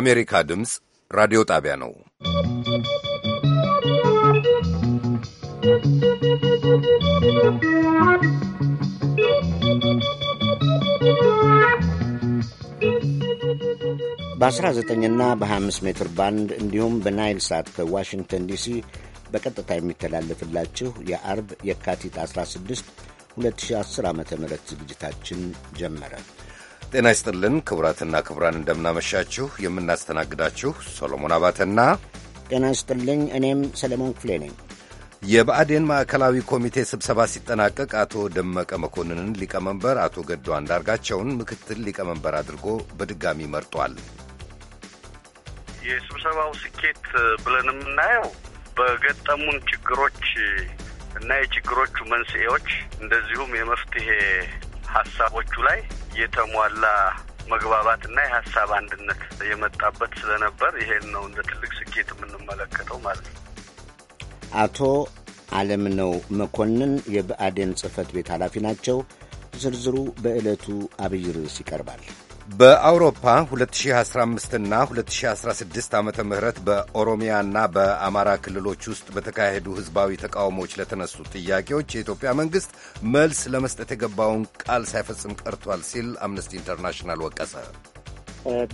የአሜሪካ ድምፅ ራዲዮ ጣቢያ ነው። በ19 እና በ25 ሜትር ባንድ እንዲሁም በናይል ሳት ከዋሽንግተን ዲሲ በቀጥታ የሚተላለፍላችሁ የአርብ የካቲት 16 2010 ዓ ም ዝግጅታችን ጀመረ። ጤና ይስጥልን ክቡራትና ክቡራን፣ እንደምናመሻችሁ። የምናስተናግዳችሁ ሰሎሞን አባተና ጤና ይስጥልኝ፣ እኔም ሰለሞን ክፍሌ ነኝ። የብአዴን ማዕከላዊ ኮሚቴ ስብሰባ ሲጠናቀቅ አቶ ደመቀ መኮንንን ሊቀመንበር፣ አቶ ገዱ አንዳርጋቸውን ምክትል ሊቀመንበር አድርጎ በድጋሚ መርጧል። የስብሰባው ስኬት ብለን የምናየው በገጠሙን ችግሮች እና የችግሮቹ መንስኤዎች እንደዚሁም የመፍትሄ ሀሳቦቹ ላይ የተሟላ መግባባት እና የሀሳብ አንድነት የመጣበት ስለነበር ይሄን ነው እንደ ትልቅ ስኬት የምንመለከተው ማለት ነው። አቶ አለምነው መኮንን የብአዴን ጽህፈት ቤት ኃላፊ ናቸው። ዝርዝሩ በዕለቱ አብይ ርዕስ ይቀርባል። በአውሮፓ 2015ና 2016 ዓ ም በኦሮሚያና በአማራ ክልሎች ውስጥ በተካሄዱ ሕዝባዊ ተቃውሞዎች ለተነሱ ጥያቄዎች የኢትዮጵያ መንግሥት መልስ ለመስጠት የገባውን ቃል ሳይፈጽም ቀርቷል ሲል አምነስቲ ኢንተርናሽናል ወቀሰ።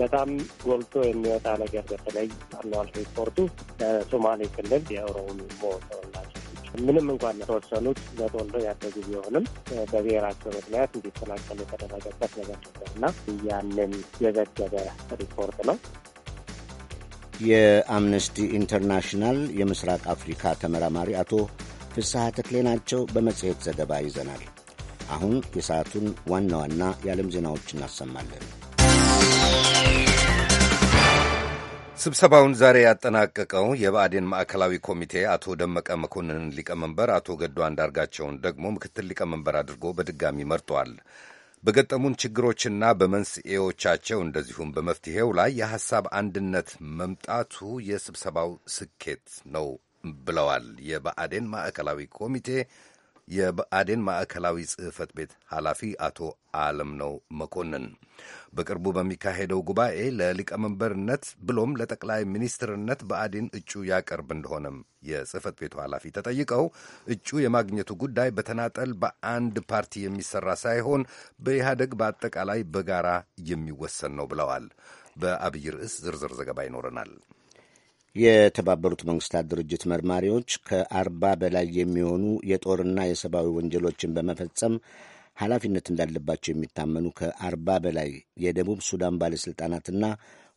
በጣም ጎልቶ የሚወጣ ነገር በተለይ አኗል ሪፖርቱ በሶማሌ ክልል የኦሮሞ ተወላጅ ምንም እንኳን የተወሰኑት በተወልዶ ያደጉ ቢሆንም በብሔራቸው ምክንያት እንዲፈናቀሉ የተደረገበት ነገር ነበርና ያንን የዘገበ ሪፖርት ነው። የአምነስቲ ኢንተርናሽናል የምስራቅ አፍሪካ ተመራማሪ አቶ ፍስሐ ተክሌ ናቸው። በመጽሔት ዘገባ ይዘናል። አሁን የሰዓቱን ዋና ዋና የዓለም ዜናዎች እናሰማለን። ስብሰባውን ዛሬ ያጠናቀቀው የብአዴን ማዕከላዊ ኮሚቴ አቶ ደመቀ መኮንንን ሊቀመንበር፣ አቶ ገዱ አንዳርጋቸውን ደግሞ ምክትል ሊቀመንበር አድርጎ በድጋሚ መርጧል። በገጠሙን ችግሮችና በመንስኤዎቻቸው እንደዚሁም በመፍትሔው ላይ የሐሳብ አንድነት መምጣቱ የስብሰባው ስኬት ነው ብለዋል የብአዴን ማዕከላዊ ኮሚቴ የብአዴን ማዕከላዊ ጽህፈት ቤት ኃላፊ አቶ አለምነው መኮንን በቅርቡ በሚካሄደው ጉባኤ ለሊቀመንበርነት ብሎም ለጠቅላይ ሚኒስትርነት ብአዴን እጩ ያቀርብ እንደሆነም የጽህፈት ቤቱ ኃላፊ ተጠይቀው እጩ የማግኘቱ ጉዳይ በተናጠል በአንድ ፓርቲ የሚሰራ ሳይሆን በኢህአደግ በአጠቃላይ በጋራ የሚወሰን ነው ብለዋል። በአብይ ርዕስ ዝርዝር ዘገባ ይኖረናል። የተባበሩት መንግስታት ድርጅት መርማሪዎች ከአርባ በላይ የሚሆኑ የጦርና የሰብአዊ ወንጀሎችን በመፈጸም ኃላፊነት እንዳለባቸው የሚታመኑ ከአርባ በላይ የደቡብ ሱዳን ባለሥልጣናትና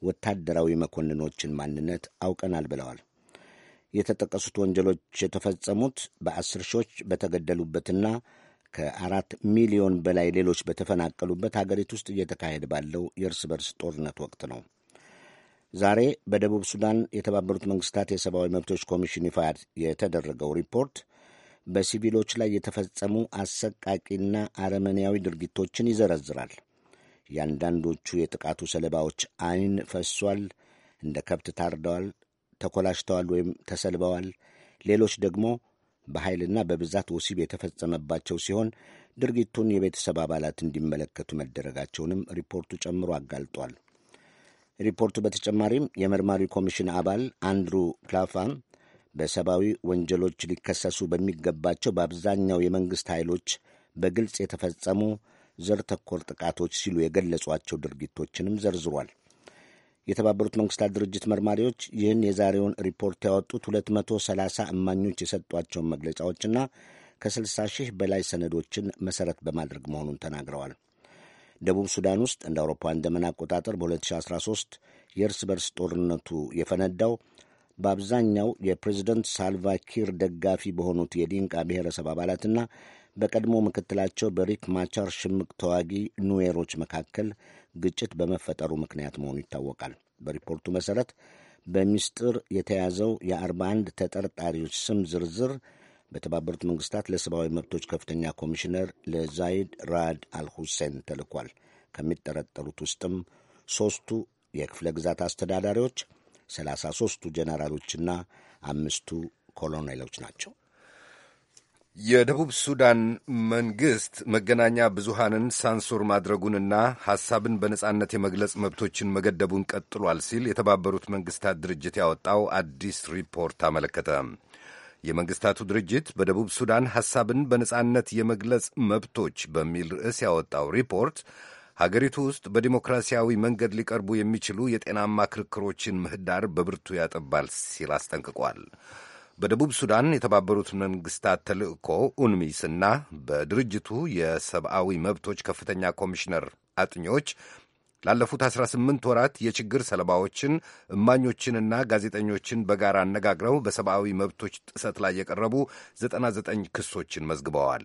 ወታደራዊ መኮንኖችን ማንነት አውቀናል ብለዋል። የተጠቀሱት ወንጀሎች የተፈጸሙት በአስር ሺዎች በተገደሉበትና ከአራት ሚሊዮን በላይ ሌሎች በተፈናቀሉበት ሀገሪቱ ውስጥ እየተካሄደ ባለው የእርስ በርስ ጦርነት ወቅት ነው። ዛሬ በደቡብ ሱዳን የተባበሩት መንግስታት የሰብአዊ መብቶች ኮሚሽን ይፋ የተደረገው ሪፖርት በሲቪሎች ላይ የተፈጸሙ አሰቃቂና አረመኔያዊ ድርጊቶችን ይዘረዝራል። ያንዳንዶቹ የጥቃቱ ሰለባዎች አይን ፈሷል፣ እንደ ከብት ታርደዋል፣ ተኮላሽተዋል ወይም ተሰልበዋል። ሌሎች ደግሞ በኃይልና በብዛት ወሲብ የተፈጸመባቸው ሲሆን ድርጊቱን የቤተሰብ አባላት እንዲመለከቱ መደረጋቸውንም ሪፖርቱ ጨምሮ አጋልጧል። ሪፖርቱ በተጨማሪም የመርማሪ ኮሚሽን አባል አንድሩ ክላፋም በሰብአዊ ወንጀሎች ሊከሰሱ በሚገባቸው በአብዛኛው የመንግሥት ኃይሎች በግልጽ የተፈጸሙ ዘር ተኮር ጥቃቶች ሲሉ የገለጿቸው ድርጊቶችንም ዘርዝሯል። የተባበሩት መንግስታት ድርጅት መርማሪዎች ይህን የዛሬውን ሪፖርት ያወጡት 230 እማኞች የሰጧቸውን መግለጫዎችና ከ60 ሺህ በላይ ሰነዶችን መሠረት በማድረግ መሆኑን ተናግረዋል። ደቡብ ሱዳን ውስጥ እንደ አውሮፓውያን ዘመን አቆጣጠር በ2013 የእርስ በርስ ጦርነቱ የፈነዳው በአብዛኛው የፕሬዝደንት ሳልቫኪር ደጋፊ በሆኑት የዲንቃ ብሔረሰብ አባላትና በቀድሞ ምክትላቸው በሪክ ማቻር ሽምቅ ተዋጊ ኑዌሮች መካከል ግጭት በመፈጠሩ ምክንያት መሆኑ ይታወቃል። በሪፖርቱ መሠረት በሚስጥር የተያዘው የ41 ተጠርጣሪዎች ስም ዝርዝር በተባበሩት መንግስታት ለሰብአዊ መብቶች ከፍተኛ ኮሚሽነር ለዛይድ ራድ አልሁሴን ተልኳል። ከሚጠረጠሩት ውስጥም ሦስቱ የክፍለ ግዛት አስተዳዳሪዎች፣ ሰላሳ ሦስቱ ጄኔራሎችና አምስቱ ኮሎኔሎች ናቸው። የደቡብ ሱዳን መንግሥት መገናኛ ብዙሃንን ሳንሱር ማድረጉንና ሐሳብን በነጻነት የመግለጽ መብቶችን መገደቡን ቀጥሏል ሲል የተባበሩት መንግሥታት ድርጅት ያወጣው አዲስ ሪፖርት አመለከተ። የመንግስታቱ ድርጅት በደቡብ ሱዳን ሐሳብን በነጻነት የመግለጽ መብቶች በሚል ርዕስ ያወጣው ሪፖርት ሀገሪቱ ውስጥ በዲሞክራሲያዊ መንገድ ሊቀርቡ የሚችሉ የጤናማ ክርክሮችን ምህዳር በብርቱ ያጠባል ሲል አስጠንቅቋል። በደቡብ ሱዳን የተባበሩት መንግስታት ተልእኮ ኡንሚስ እና በድርጅቱ የሰብአዊ መብቶች ከፍተኛ ኮሚሽነር አጥኞች ላለፉት 18 ወራት የችግር ሰለባዎችን እማኞችንና ጋዜጠኞችን በጋራ አነጋግረው በሰብአዊ መብቶች ጥሰት ላይ የቀረቡ 99 ክሶችን መዝግበዋል።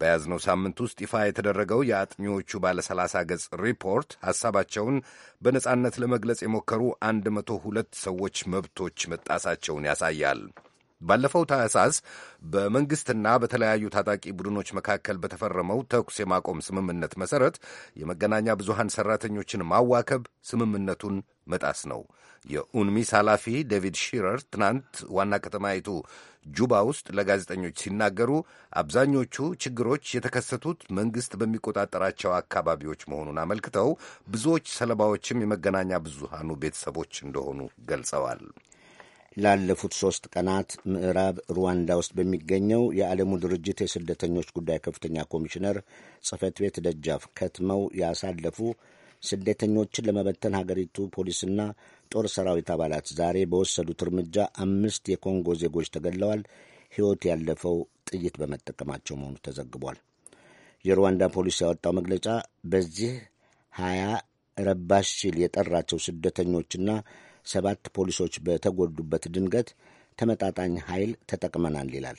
በያዝነው ሳምንት ውስጥ ይፋ የተደረገው የአጥኚዎቹ ባለ 30 ገጽ ሪፖርት ሐሳባቸውን በነጻነት ለመግለጽ የሞከሩ 102 ሰዎች መብቶች መጣሳቸውን ያሳያል። ባለፈው ታህሳስ በመንግስትና በተለያዩ ታጣቂ ቡድኖች መካከል በተፈረመው ተኩስ የማቆም ስምምነት መሰረት የመገናኛ ብዙሃን ሰራተኞችን ማዋከብ ስምምነቱን መጣስ ነው። የኡንሚስ ኃላፊ ዴቪድ ሺረር ትናንት ዋና ከተማይቱ ጁባ ውስጥ ለጋዜጠኞች ሲናገሩ አብዛኞቹ ችግሮች የተከሰቱት መንግስት በሚቆጣጠራቸው አካባቢዎች መሆኑን አመልክተው ብዙዎች ሰለባዎችም የመገናኛ ብዙሃኑ ቤተሰቦች እንደሆኑ ገልጸዋል። ላለፉት ሦስት ቀናት ምዕራብ ሩዋንዳ ውስጥ በሚገኘው የዓለሙ ድርጅት የስደተኞች ጉዳይ ከፍተኛ ኮሚሽነር ጽህፈት ቤት ደጃፍ ከትመው ያሳለፉ ስደተኞችን ለመበተን ሀገሪቱ ፖሊስና ጦር ሰራዊት አባላት ዛሬ በወሰዱት እርምጃ አምስት የኮንጎ ዜጎች ተገድለዋል። ሕይወት ያለፈው ጥይት በመጠቀማቸው መሆኑ ተዘግቧል። የሩዋንዳ ፖሊስ ያወጣው መግለጫ በዚህ ሀያ ረባሽ ሲል የጠራቸው ስደተኞችና ሰባት ፖሊሶች በተጎዱበት ድንገት ተመጣጣኝ ኃይል ተጠቅመናል ይላል።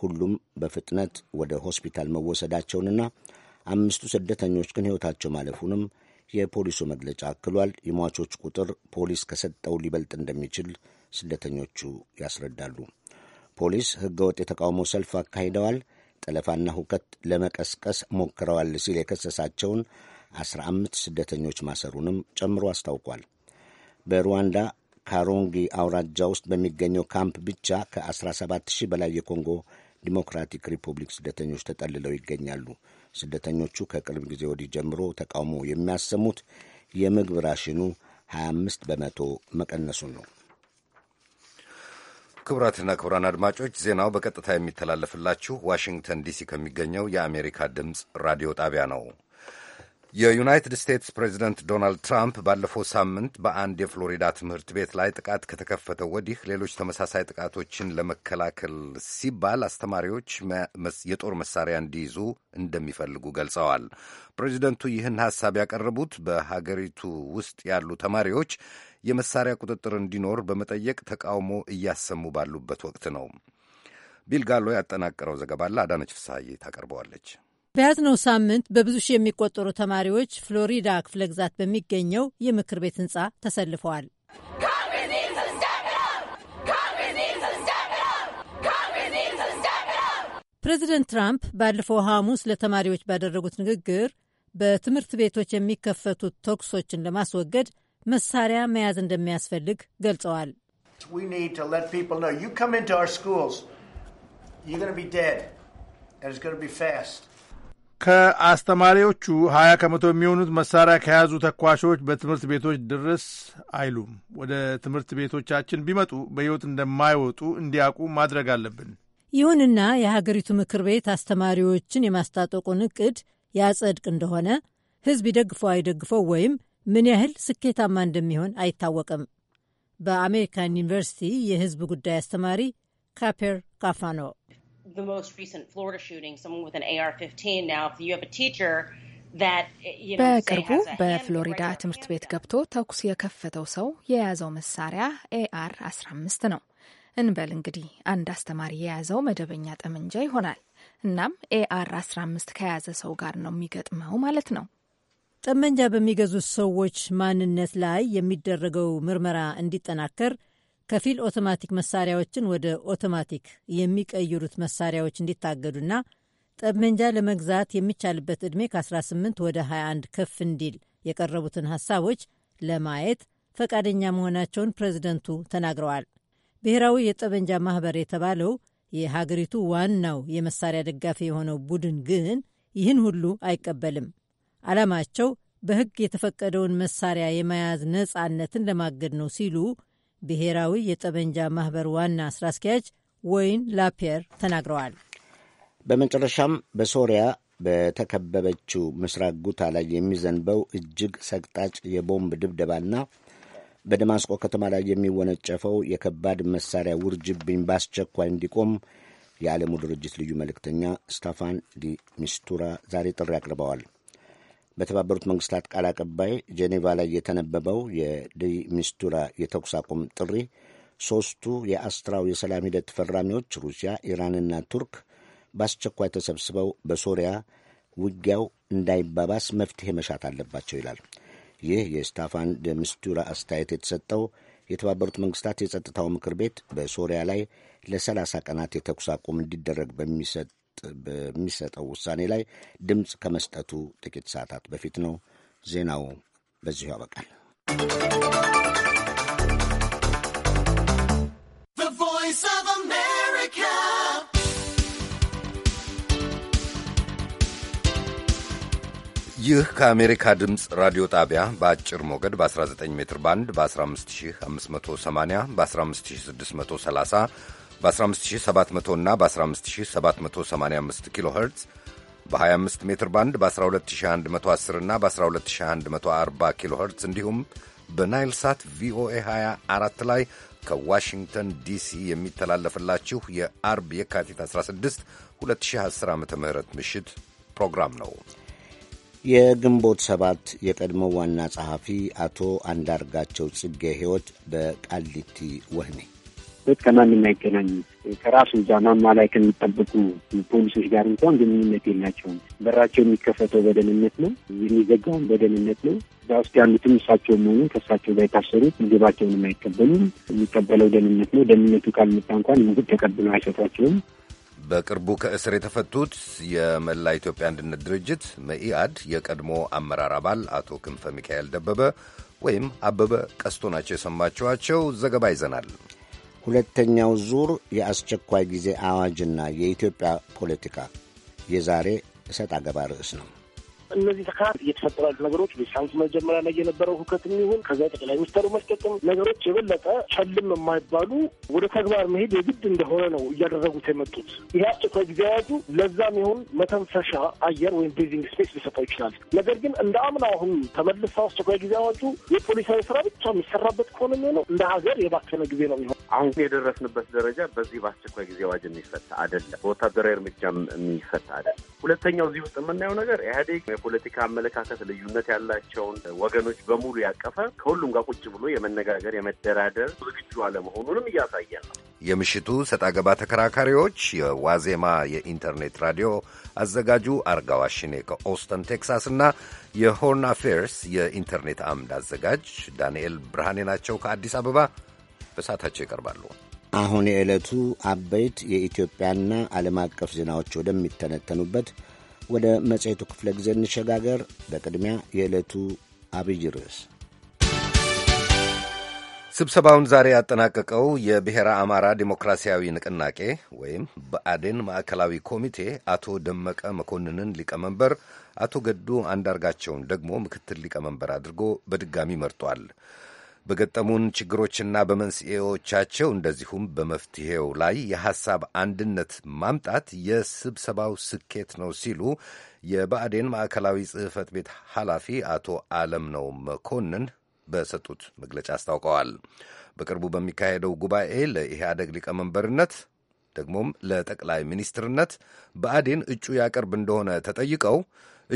ሁሉም በፍጥነት ወደ ሆስፒታል መወሰዳቸውንና አምስቱ ስደተኞች ግን ሕይወታቸው ማለፉንም የፖሊሱ መግለጫ አክሏል። የሟቾች ቁጥር ፖሊስ ከሰጠው ሊበልጥ እንደሚችል ስደተኞቹ ያስረዳሉ። ፖሊስ ህገወጥ የተቃውሞ ሰልፍ አካሂደዋል፣ ጠለፋና ሁከት ለመቀስቀስ ሞክረዋል ሲል የከሰሳቸውን አስራ አምስት ስደተኞች ማሰሩንም ጨምሮ አስታውቋል። በሩዋንዳ ካሮንጊ አውራጃ ውስጥ በሚገኘው ካምፕ ብቻ ከ17 ሺህ በላይ የኮንጎ ዲሞክራቲክ ሪፑብሊክ ስደተኞች ተጠልለው ይገኛሉ። ስደተኞቹ ከቅርብ ጊዜ ወዲህ ጀምሮ ተቃውሞ የሚያሰሙት የምግብ ራሽኑ 25 በመቶ መቀነሱን ነው። ክቡራትና ክቡራን አድማጮች ዜናው በቀጥታ የሚተላለፍላችሁ ዋሽንግተን ዲሲ ከሚገኘው የአሜሪካ ድምፅ ራዲዮ ጣቢያ ነው። የዩናይትድ ስቴትስ ፕሬዚደንት ዶናልድ ትራምፕ ባለፈው ሳምንት በአንድ የፍሎሪዳ ትምህርት ቤት ላይ ጥቃት ከተከፈተ ወዲህ ሌሎች ተመሳሳይ ጥቃቶችን ለመከላከል ሲባል አስተማሪዎች የጦር መሳሪያ እንዲይዙ እንደሚፈልጉ ገልጸዋል። ፕሬዚደንቱ ይህን ሐሳብ ያቀረቡት በሀገሪቱ ውስጥ ያሉ ተማሪዎች የመሳሪያ ቁጥጥር እንዲኖር በመጠየቅ ተቃውሞ እያሰሙ ባሉበት ወቅት ነው። ቢልጋሎ ያጠናቀረው ዘገባ አዳነች ፍስሐዬ ታቀርበዋለች። በያዝነው ሳምንት በብዙ ሺህ የሚቆጠሩ ተማሪዎች ፍሎሪዳ ክፍለ ግዛት በሚገኘው የምክር ቤት ህንፃ ተሰልፈዋል። ፕሬዚደንት ትራምፕ ባለፈው ሐሙስ ለተማሪዎች ባደረጉት ንግግር በትምህርት ቤቶች የሚከፈቱት ተኩሶችን ለማስወገድ መሳሪያ መያዝ እንደሚያስፈልግ ገልጸዋል። ከአስተማሪዎቹ ሀያ ከመቶ የሚሆኑት መሳሪያ ከያዙ ተኳሾች በትምህርት ቤቶች ድረስ አይሉም። ወደ ትምህርት ቤቶቻችን ቢመጡ በሕይወት እንደማይወጡ እንዲያውቁ ማድረግ አለብን። ይሁንና የሀገሪቱ ምክር ቤት አስተማሪዎችን የማስታጠቁን እቅድ ያጸድቅ እንደሆነ ሕዝብ ይደግፈው አይደግፈው ወይም ምን ያህል ስኬታማ እንደሚሆን አይታወቅም። በአሜሪካን ዩኒቨርሲቲ የሕዝብ ጉዳይ አስተማሪ ካፔር ካፋኖ the most recent Florida shooting, someone with an AR-15. Now, if you have a teacher በቅርቡ በፍሎሪዳ ትምህርት ቤት ገብቶ ተኩስ የከፈተው ሰው የያዘው መሳሪያ ኤአር 15 ነው እንበል እንግዲህ አንድ አስተማሪ የያዘው መደበኛ ጠመንጃ ይሆናል። እናም ኤአር 15 ከያዘ ሰው ጋር ነው የሚገጥመው ማለት ነው። ጠመንጃ በሚገዙት ሰዎች ማንነት ላይ የሚደረገው ምርመራ እንዲጠናከር ከፊል ኦቶማቲክ መሳሪያዎችን ወደ ኦቶማቲክ የሚቀይሩት መሳሪያዎች እንዲታገዱና ጠመንጃ ለመግዛት የሚቻልበት ዕድሜ ከ18 ወደ 21 ከፍ እንዲል የቀረቡትን ሐሳቦች ለማየት ፈቃደኛ መሆናቸውን ፕሬዝደንቱ ተናግረዋል። ብሔራዊ የጠመንጃ ማኅበር የተባለው የሀገሪቱ ዋናው የመሳሪያ ደጋፊ የሆነው ቡድን ግን ይህን ሁሉ አይቀበልም። ዓላማቸው በሕግ የተፈቀደውን መሳሪያ የመያዝ ነጻነትን ለማገድ ነው ሲሉ ብሔራዊ የጠመንጃ ማህበር ዋና ስራ አስኪያጅ ወይን ላፔር ተናግረዋል። በመጨረሻም በሶሪያ በተከበበችው ምስራቅ ጉታ ላይ የሚዘንበው እጅግ ሰቅጣጭ የቦምብ ድብደባና በደማስቆ ከተማ ላይ የሚወነጨፈው የከባድ መሳሪያ ውርጅብኝ በአስቸኳይ እንዲቆም የዓለሙ ድርጅት ልዩ መልእክተኛ ስታፋን ዲ ሚስቱራ ዛሬ ጥሪ አቅርበዋል። በተባበሩት መንግስታት ቃል አቀባይ ጄኔቫ ላይ የተነበበው የዲሚስቱራ የተኩስ አቁም ጥሪ ሦስቱ የአስትራው የሰላም ሂደት ፈራሚዎች ሩሲያ፣ ኢራንና ቱርክ በአስቸኳይ ተሰብስበው በሶሪያ ውጊያው እንዳይባባስ መፍትሄ መሻት አለባቸው ይላል። ይህ የስታፋን ደ ሚስቱራ አስተያየት የተሰጠው የተባበሩት መንግስታት የጸጥታው ምክር ቤት በሶሪያ ላይ ለሰላሳ ቀናት የተኩስ አቁም እንዲደረግ በሚሰጥ በሚሰጠው ውሳኔ ላይ ድምፅ ከመስጠቱ ጥቂት ሰዓታት በፊት ነው። ዜናው በዚሁ ያበቃል። ይህ ከአሜሪካ ድምፅ ራዲዮ ጣቢያ በአጭር ሞገድ በ19 ሜትር ባንድ በ15580 በ15630 በ15700 እና በ15785 ኪሎ ኸርትዝ በ25 ሜትር ባንድ በ12110 እና በ12140 ኪሎ ኸርትዝ እንዲሁም በናይል ሳት ቪኦኤ 24 ላይ ከዋሽንግተን ዲሲ የሚተላለፍላችሁ የአርብ የካቲት 16 2010 ዓ ም ምሽት ፕሮግራም ነው። የግንቦት ሰባት የቀድሞ ዋና ጸሐፊ አቶ አንዳርጋቸው ጽጌ ሕይወት በቃሊቲ ወህኔ የሚያደርግበት ከማንም አይገናኙም። ከራሱ እዛ ማማ ላይ ከሚጠበቁ ፖሊሶች ጋር እንኳን ግንኙነት የላቸውም። በራቸው የሚከፈተው በደህንነት ነው፣ የሚዘጋውን በደህንነት ነው። እዛ ውስጥ ያሉትም እሳቸው መሆኑን ከእሳቸው ጋር የታሰሩት ምግባቸውንም አይቀበሉም። የሚቀበለው ደህንነት ነው። ደህንነቱ ካልመጣ እንኳን ምግብ ተቀብሎ አይሰጧቸውም። በቅርቡ ከእስር የተፈቱት የመላ ኢትዮጵያ አንድነት ድርጅት መኢአድ የቀድሞ አመራር አባል አቶ ክንፈ ሚካኤል ደበበ ወይም አበበ ቀስቶ ናቸው የሰማችኋቸው። ዘገባ ይዘናል። ሁለተኛው ዙር የአስቸኳይ ጊዜ አዋጅና የኢትዮጵያ ፖለቲካ የዛሬ እሰጥ አገባ ርዕስ ነው። እነዚህ ተካት እየተፈጠሩ ያሉ ነገሮች ቤሳንስ መጀመሪያ ላይ የነበረው ሁከት ይሁን ከዛ ጠቅላይ ሚኒስተሩ መስጠትም ነገሮች የበለጠ ሸልም የማይባሉ ወደ ተግባር መሄድ የግድ እንደሆነ ነው እያደረጉት የመጡት። ይህ አስቸኳይ ጊዜ አዋጁ ለዛም ይሁን መተንፈሻ አየር ወይም ቤዚንግ ስፔስ ሊሰጠው ይችላል። ነገር ግን እንደ አምና አሁን ተመልሰው አስቸኳይ ጊዜ አዋጁ የፖሊሳዊ ስራ ብቻ የሚሰራበት ከሆነ የሚሆነው እንደ ሀገር የባከነ ጊዜ ነው የሚሆነው። አሁን የደረስንበት ደረጃ በዚህ በአስቸኳይ ጊዜ አዋጅ የሚፈታ አይደለም፣ በወታደራዊ እርምጃም የሚፈታ አይደለም። ሁለተኛው እዚህ ውስጥ የምናየው ነገር ኢህአዴግ የፖለቲካ አመለካከት ልዩነት ያላቸውን ወገኖች በሙሉ ያቀፈ ከሁሉም ጋር ቁጭ ብሎ የመነጋገር የመደራደር ዝግጁ አለመሆኑንም እያሳየ ነው። የምሽቱ ሰጣገባ ተከራካሪዎች የዋዜማ የኢንተርኔት ራዲዮ አዘጋጁ አርጋው አሽኔ ከኦስተን ቴክሳስ እና የሆርን አፌርስ የኢንተርኔት አምድ አዘጋጅ ዳንኤል ብርሃኔ ናቸው። ከአዲስ አበባ በሰዓታቸው ይቀርባሉ። አሁን የዕለቱ አበይት የኢትዮጵያና ዓለም አቀፍ ዜናዎች ወደሚተነተኑበት ወደ መጽሔቱ ክፍለ ጊዜ እንሸጋገር። በቅድሚያ የዕለቱ አብይ ርዕስ ስብሰባውን ዛሬ ያጠናቀቀው የብሔረ አማራ ዲሞክራሲያዊ ንቅናቄ ወይም ብአዴን ማዕከላዊ ኮሚቴ አቶ ደመቀ መኮንንን ሊቀመንበር፣ አቶ ገዱ አንዳርጋቸውን ደግሞ ምክትል ሊቀመንበር አድርጎ በድጋሚ መርጧል። በገጠሙን ችግሮችና በመንስኤዎቻቸው እንደዚሁም በመፍትሔው ላይ የሐሳብ አንድነት ማምጣት የስብሰባው ስኬት ነው ሲሉ የባዕዴን ማዕከላዊ ጽሕፈት ቤት ኃላፊ አቶ አለምነው መኮንን በሰጡት መግለጫ አስታውቀዋል። በቅርቡ በሚካሄደው ጉባኤ ለኢህአደግ ሊቀመንበርነት ደግሞም ለጠቅላይ ሚኒስትርነት ብአዴን እጩ ያቀርብ እንደሆነ ተጠይቀው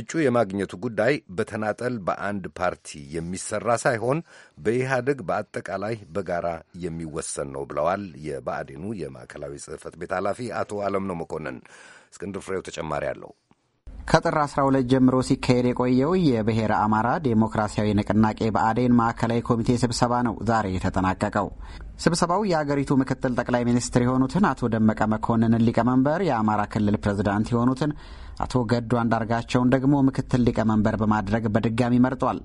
እጩ የማግኘቱ ጉዳይ በተናጠል በአንድ ፓርቲ የሚሰራ ሳይሆን በኢህአደግ በአጠቃላይ በጋራ የሚወሰን ነው ብለዋል የብአዴኑ የማዕከላዊ ጽህፈት ቤት ኃላፊ አቶ አለምነው መኮንን። እስክንድር ፍሬው ተጨማሪ አለው። ከጥር 12 ጀምሮ ሲካሄድ የቆየው የብሔረ አማራ ዴሞክራሲያዊ ንቅናቄ ብአዴን ማዕከላዊ ኮሚቴ ስብሰባ ነው ዛሬ የተጠናቀቀው። ስብሰባው የአገሪቱ ምክትል ጠቅላይ ሚኒስትር የሆኑትን አቶ ደመቀ መኮንንን ሊቀመንበር፣ የአማራ ክልል ፕሬዝዳንት የሆኑትን አቶ ገዱ አንዳርጋቸውን ደግሞ ምክትል ሊቀመንበር በማድረግ በድጋሚ መርጧል።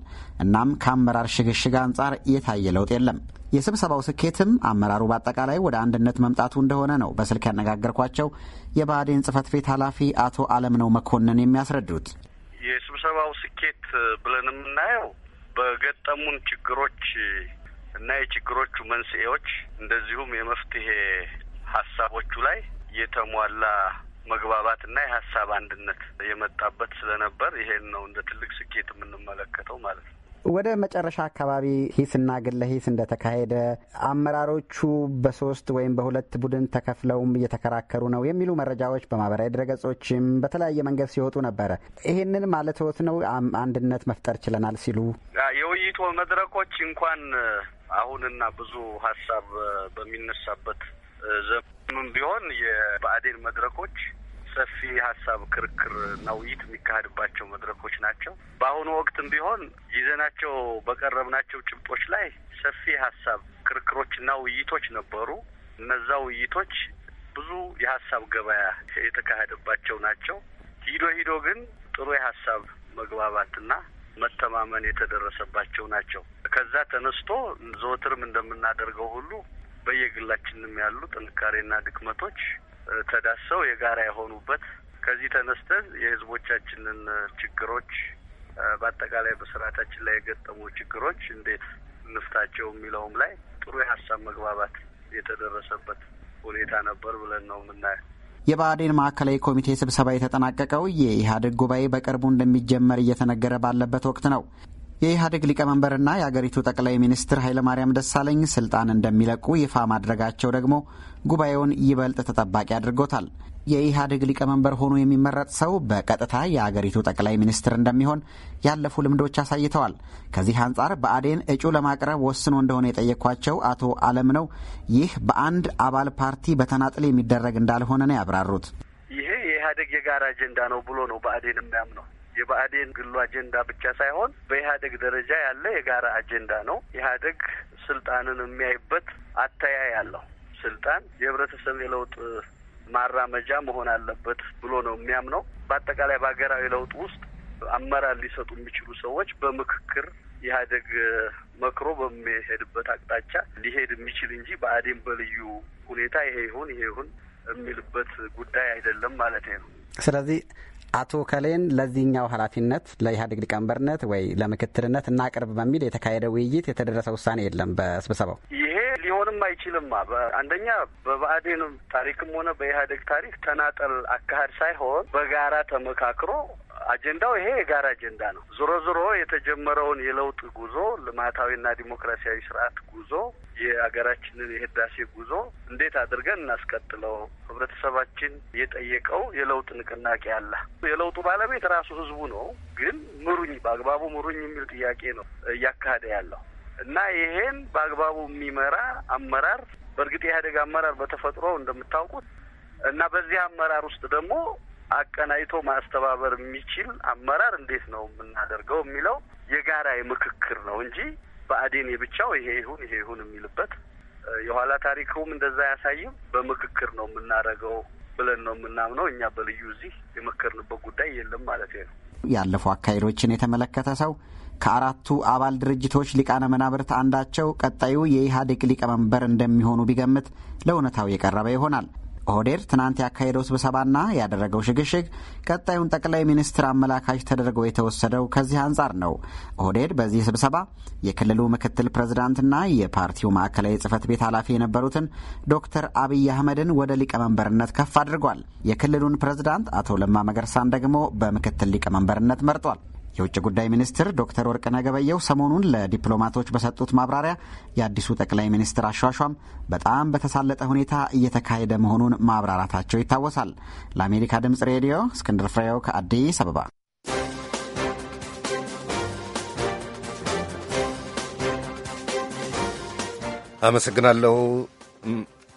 እናም ከአመራር ሽግሽግ አንጻር የታየ ለውጥ የለም። የስብሰባው ስኬትም አመራሩ በአጠቃላይ ወደ አንድነት መምጣቱ እንደሆነ ነው በስልክ ያነጋገርኳቸው የባህዴን ጽህፈት ቤት ኃላፊ አቶ አለምነው መኮንን የሚያስረዱት። የስብሰባው ስኬት ብለን የምናየው በገጠሙን ችግሮች እና የችግሮቹ መንስኤዎች እንደዚሁም የመፍትሄ ሀሳቦቹ ላይ የተሟላ መግባባት እና የሀሳብ አንድነት የመጣበት ስለነበር ይሄን ነው እንደ ትልቅ ስኬት የምንመለከተው ማለት ነው። ወደ መጨረሻ አካባቢ ሂስና ግለ ሂስ እንደተካሄደ አመራሮቹ በሶስት ወይም በሁለት ቡድን ተከፍለውም እየተከራከሩ ነው የሚሉ መረጃዎች በማህበራዊ ድረገጾችም በተለያየ መንገድ ሲወጡ ነበረ። ይህንን ማለት ነው አንድነት መፍጠር ችለናል ሲሉ የውይይቱ መድረኮች እንኳን አሁንና ብዙ ሀሳብ በሚነሳበት ዘ ምን ቢሆን የብአዴን መድረኮች ሰፊ ሀሳብ ክርክር ውይይት የሚካሄድባቸው መድረኮች ናቸው። በአሁኑ ወቅትም ቢሆን ይዘናቸው በቀረብናቸው ጭብጦች ላይ ሰፊ ሀሳብ ክርክሮች ውይይቶች ነበሩ። እነዛ ውይይቶች ብዙ የሀሳብ ገበያ የተካሄደባቸው ናቸው። ሂዶ ሂዶ ግን ጥሩ የሀሳብ መግባባትና መተማመን የተደረሰባቸው ናቸው። ከዛ ተነስቶ ዘወትርም እንደምናደርገው ሁሉ በየግላችንም ያሉ ጥንካሬና ድክመቶች ተዳሰው የጋራ የሆኑበት ከዚህ ተነስተን የህዝቦቻችንን ችግሮች በአጠቃላይ በስርዓታችን ላይ የገጠሙ ችግሮች እንዴት እንፍታቸው የሚለውም ላይ ጥሩ የሀሳብ መግባባት የተደረሰበት ሁኔታ ነበር ብለን ነው የምናየው። የብአዴን ማዕከላዊ ኮሚቴ ስብሰባ የተጠናቀቀው የኢህአዴግ ጉባኤ በቅርቡ እንደሚጀመር እየተነገረ ባለበት ወቅት ነው። የኢህአዴግ ሊቀመንበርና የአገሪቱ ጠቅላይ ሚኒስትር ኃይለማርያም ደሳለኝ ስልጣን እንደሚለቁ ይፋ ማድረጋቸው ደግሞ ጉባኤውን ይበልጥ ተጠባቂ አድርጎታል። የኢህአዴግ ሊቀመንበር ሆኖ የሚመረጥ ሰው በቀጥታ የአገሪቱ ጠቅላይ ሚኒስትር እንደሚሆን ያለፉ ልምዶች አሳይተዋል። ከዚህ አንጻር በአዴን እጩ ለማቅረብ ወስኖ እንደሆነ የጠየኳቸው አቶ አለም ነው ይህ በአንድ አባል ፓርቲ በተናጥል የሚደረግ እንዳልሆነ ነው ያብራሩት። ይሄ የኢህአዴግ የጋራ አጀንዳ ነው ብሎ ነው በአዴን የሚያምነው። የብአዴን ግሉ አጀንዳ ብቻ ሳይሆን በኢህአዴግ ደረጃ ያለ የጋራ አጀንዳ ነው። ኢህአዴግ ስልጣንን የሚያይበት አተያይ ያለው ስልጣን የህብረተሰብ የለውጥ ማራመጃ መሆን አለበት ብሎ ነው የሚያምነው። በአጠቃላይ በሀገራዊ ለውጥ ውስጥ አመራር ሊሰጡ የሚችሉ ሰዎች በምክክር ኢህአዴግ መክሮ በሚሄድበት አቅጣጫ ሊሄድ የሚችል እንጂ በአዴን በልዩ ሁኔታ ይሄ ይሁን ይሄ ይሁን የሚልበት ጉዳይ አይደለም ማለት ነው። ስለዚህ አቶ ከሌን ለዚህኛው ኃላፊነት ለኢህአዴግ ሊቀመንበርነት ወይ ለምክትልነት እናቅርብ በሚል የተካሄደ ውይይት የተደረሰ ውሳኔ የለም በስብሰባው ሊሆንም አይችልም። አንደኛ በብአዴን ታሪክም ሆነ በኢህአዴግ ታሪክ ተናጠል አካሄድ ሳይሆን በጋራ ተመካክሮ አጀንዳው ይሄ የጋራ አጀንዳ ነው። ዞሮ ዞሮ የተጀመረውን የለውጥ ጉዞ ልማታዊና ዲሞክራሲያዊ ስርዓት ጉዞ የሀገራችንን የህዳሴ ጉዞ እንዴት አድርገን እናስቀጥለው? ህብረተሰባችን የጠየቀው የለውጥ ንቅናቄ አለ። የለውጡ ባለቤት ራሱ ህዝቡ ነው። ግን ምሩኝ፣ በአግባቡ ምሩኝ የሚል ጥያቄ ነው እያካሄደ ያለው። እና ይሄን በአግባቡ የሚመራ አመራር በእርግጥ የኢህአዴግ አመራር በተፈጥሮ እንደምታውቁት እና በዚህ አመራር ውስጥ ደግሞ አቀናይቶ ማስተባበር የሚችል አመራር እንዴት ነው የምናደርገው የሚለው የጋራ የምክክር ነው እንጂ በአዴን የብቻው ይሄ ይሁን ይሄ ይሁን የሚልበት የኋላ ታሪክውም እንደዛ አያሳይም። በምክክር ነው የምናደርገው ብለን ነው የምናምነው። እኛ በልዩ እዚህ የመከርንበት ጉዳይ የለም ማለት ነው። ያለፉ አካሄዶችን የተመለከተ ሰው ከአራቱ አባል ድርጅቶች ሊቃነ መናብርት አንዳቸው ቀጣዩ የኢህአዴግ ሊቀመንበር እንደሚሆኑ ቢገምት ለእውነታው የቀረበ ይሆናል። ኦህዴድ ትናንት ያካሄደው ስብሰባና ያደረገው ሽግሽግ ቀጣዩን ጠቅላይ ሚኒስትር አመላካች ተደርጎ የተወሰደው ከዚህ አንጻር ነው። ኦህዴድ በዚህ ስብሰባ የክልሉ ምክትል ፕሬዝዳንትና የፓርቲው ማዕከላዊ ጽህፈት ቤት ኃላፊ የነበሩትን ዶክተር አብይ አህመድን ወደ ሊቀመንበርነት ከፍ አድርጓል። የክልሉን ፕሬዝዳንት አቶ ለማ መገርሳን ደግሞ በምክትል ሊቀመንበርነት መርጧል። የውጭ ጉዳይ ሚኒስትር ዶክተር ወርቅነህ ገበየሁ ሰሞኑን ለዲፕሎማቶች በሰጡት ማብራሪያ የአዲሱ ጠቅላይ ሚኒስትር አሿሿም በጣም በተሳለጠ ሁኔታ እየተካሄደ መሆኑን ማብራራታቸው ይታወሳል። ለአሜሪካ ድምፅ ሬዲዮ እስክንድር ፍሬው ከአዲስ አበባ። አመሰግናለሁ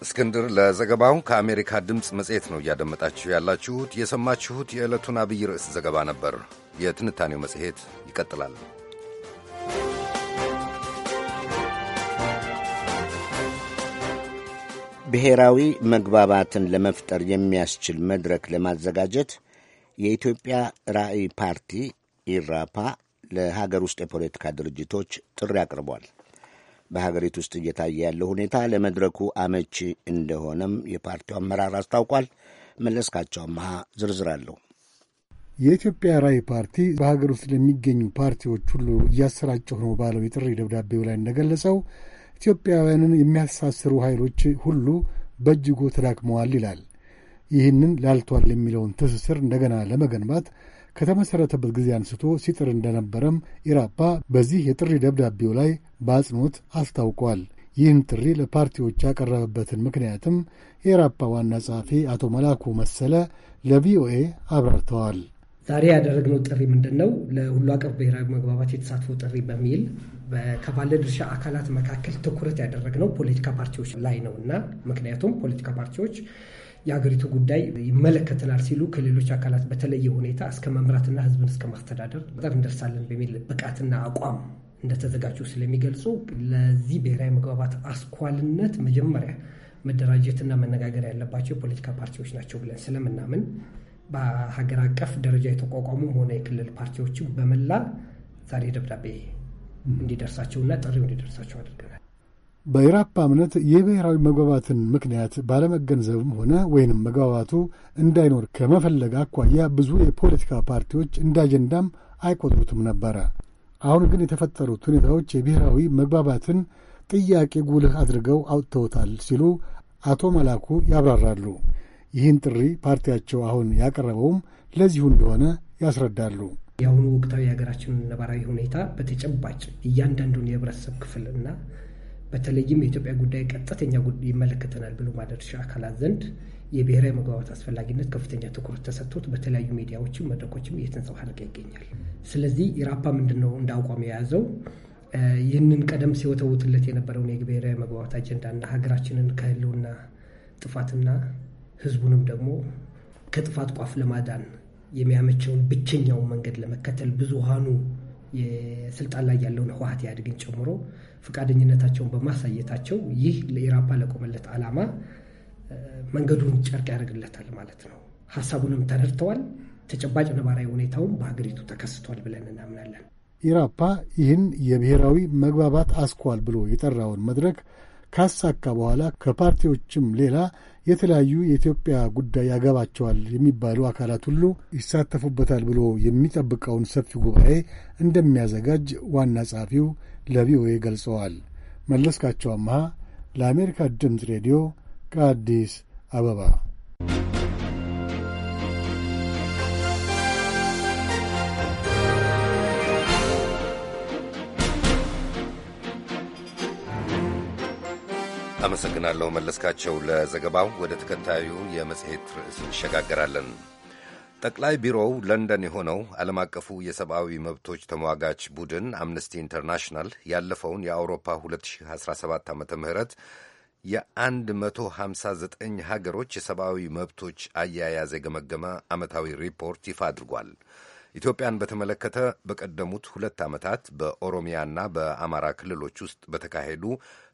እስክንድር ለዘገባው። ከአሜሪካ ድምፅ መጽሔት ነው እያደመጣችሁ ያላችሁት። የሰማችሁት የዕለቱን አብይ ርዕስ ዘገባ ነበር። የትንታኔው መጽሔት ይቀጥላል። ብሔራዊ መግባባትን ለመፍጠር የሚያስችል መድረክ ለማዘጋጀት የኢትዮጵያ ራዕይ ፓርቲ ኢራፓ ለሀገር ውስጥ የፖለቲካ ድርጅቶች ጥሪ አቅርቧል። በሀገሪቱ ውስጥ እየታየ ያለው ሁኔታ ለመድረኩ አመቺ እንደሆነም የፓርቲው አመራር አስታውቋል። መለስካቸው አመሃ ዝርዝር አለሁ የኢትዮጵያ ራዕይ ፓርቲ በሀገር ውስጥ ለሚገኙ ፓርቲዎች ሁሉ እያሰራጨሁ ነው ባለው የጥሪ ደብዳቤው ላይ እንደገለጸው ኢትዮጵያውያንን የሚያሳስሩ ኃይሎች ሁሉ በእጅጉ ተዳክመዋል ይላል። ይህንን ላልቷል የሚለውን ትስስር እንደገና ለመገንባት ከተመሠረተበት ጊዜ አንስቶ ሲጥር እንደነበረም ኢራፓ በዚህ የጥሪ ደብዳቤው ላይ በአጽንኦት አስታውቋል። ይህን ጥሪ ለፓርቲዎች ያቀረበበትን ምክንያትም የኢራፓ ዋና ጸሐፊ አቶ መላኩ መሰለ ለቪኦኤ አብራርተዋል። ዛሬ ያደረግነው ጥሪ ምንድን ነው? ለሁሉ አቀፍ ብሔራዊ መግባባት የተሳትፎ ጥሪ በሚል ከባለ ድርሻ አካላት መካከል ትኩረት ያደረግነው ፖለቲካ ፓርቲዎች ላይ ነው እና ምክንያቱም ፖለቲካ ፓርቲዎች የሀገሪቱ ጉዳይ ይመለከተናል ሲሉ ከሌሎች አካላት በተለየ ሁኔታ እስከ መምራትና ህዝብን እስከ ማስተዳደር ጠር እንደርሳለን በሚል ብቃትና አቋም እንደተዘጋጁ ስለሚገልጹ ለዚህ ብሔራዊ መግባባት አስኳልነት መጀመሪያ መደራጀትና መነጋገር ያለባቸው የፖለቲካ ፓርቲዎች ናቸው ብለን ስለምናምን በሀገር አቀፍ ደረጃ የተቋቋሙ ሆነ የክልል ፓርቲዎችም በመላ ዛሬ ደብዳቤ እንዲደርሳቸውና ጥሪው እንዲደርሳቸው አድርገናል። በኢራፓ እምነት የብሔራዊ መግባባትን ምክንያት ባለመገንዘብም ሆነ ወይንም መግባባቱ እንዳይኖር ከመፈለግ አኳያ ብዙ የፖለቲካ ፓርቲዎች እንደ አጀንዳም አይቆጥሩትም ነበረ። አሁን ግን የተፈጠሩት ሁኔታዎች የብሔራዊ መግባባትን ጥያቄ ጉልህ አድርገው አውጥተውታል ሲሉ አቶ መላኩ ያብራራሉ። ይህን ጥሪ ፓርቲያቸው አሁን ያቀረበውም ለዚሁ እንደሆነ ያስረዳሉ። የአሁኑ ወቅታዊ የሀገራችን ነባራዊ ሁኔታ በተጨባጭ እያንዳንዱን የህብረተሰብ ክፍል እና በተለይም የኢትዮጵያ ጉዳይ ቀጥተኛ ይመለከተናል ብሎ ባለድርሻ አካላት ዘንድ የብሔራዊ መግባባት አስፈላጊነት ከፍተኛ ትኩረት ተሰጥቶት በተለያዩ ሚዲያዎችም መድረኮችም እየተንጸባረቀ ይገኛል። ስለዚህ ኢራፓ ምንድነው እንደ አቋም የያዘው ይህንን ቀደም ሲወተውትለት የነበረውን የብሔራዊ መግባባት አጀንዳና ሀገራችንን ከህልውና ጥፋትና ህዝቡንም ደግሞ ከጥፋት ቋፍ ለማዳን የሚያመቸውን ብቸኛውን መንገድ ለመከተል ብዙሃኑ የስልጣን ላይ ያለውን ህወሀት ኢህአዴግን ጨምሮ ፈቃደኝነታቸውን በማሳየታቸው ይህ ለኢራፓ ለቆመለት ዓላማ መንገዱን ጨርቅ ያደርግለታል ማለት ነው። ሀሳቡንም ተረድተዋል። ተጨባጭ ነባራዊ ሁኔታውም በሀገሪቱ ተከስቷል ብለን እናምናለን። ኢራፓ ይህን የብሔራዊ መግባባት አስኳል ብሎ የጠራውን መድረክ ካሳካ በኋላ ከፓርቲዎችም ሌላ የተለያዩ የኢትዮጵያ ጉዳይ ያገባቸዋል የሚባሉ አካላት ሁሉ ይሳተፉበታል ብሎ የሚጠብቀውን ሰፊ ጉባኤ እንደሚያዘጋጅ ዋና ጸሐፊው ለቪኦኤ ገልጸዋል። መለስካቸው አምሃ ለአሜሪካ ድምፅ ሬዲዮ ከአዲስ አበባ አመሰግናለሁ መለስካቸው ለዘገባው። ወደ ተከታዩ የመጽሔት ርዕስ እንሸጋገራለን። ጠቅላይ ቢሮው ለንደን የሆነው ዓለም አቀፉ የሰብአዊ መብቶች ተሟጋች ቡድን አምነስቲ ኢንተርናሽናል ያለፈውን የአውሮፓ 2017 ዓ ም የ159 ሀገሮች የሰብአዊ መብቶች አያያዝ የገመገመ ዓመታዊ ሪፖርት ይፋ አድርጓል። ኢትዮጵያን በተመለከተ በቀደሙት ሁለት ዓመታት በኦሮሚያና በአማራ ክልሎች ውስጥ በተካሄዱ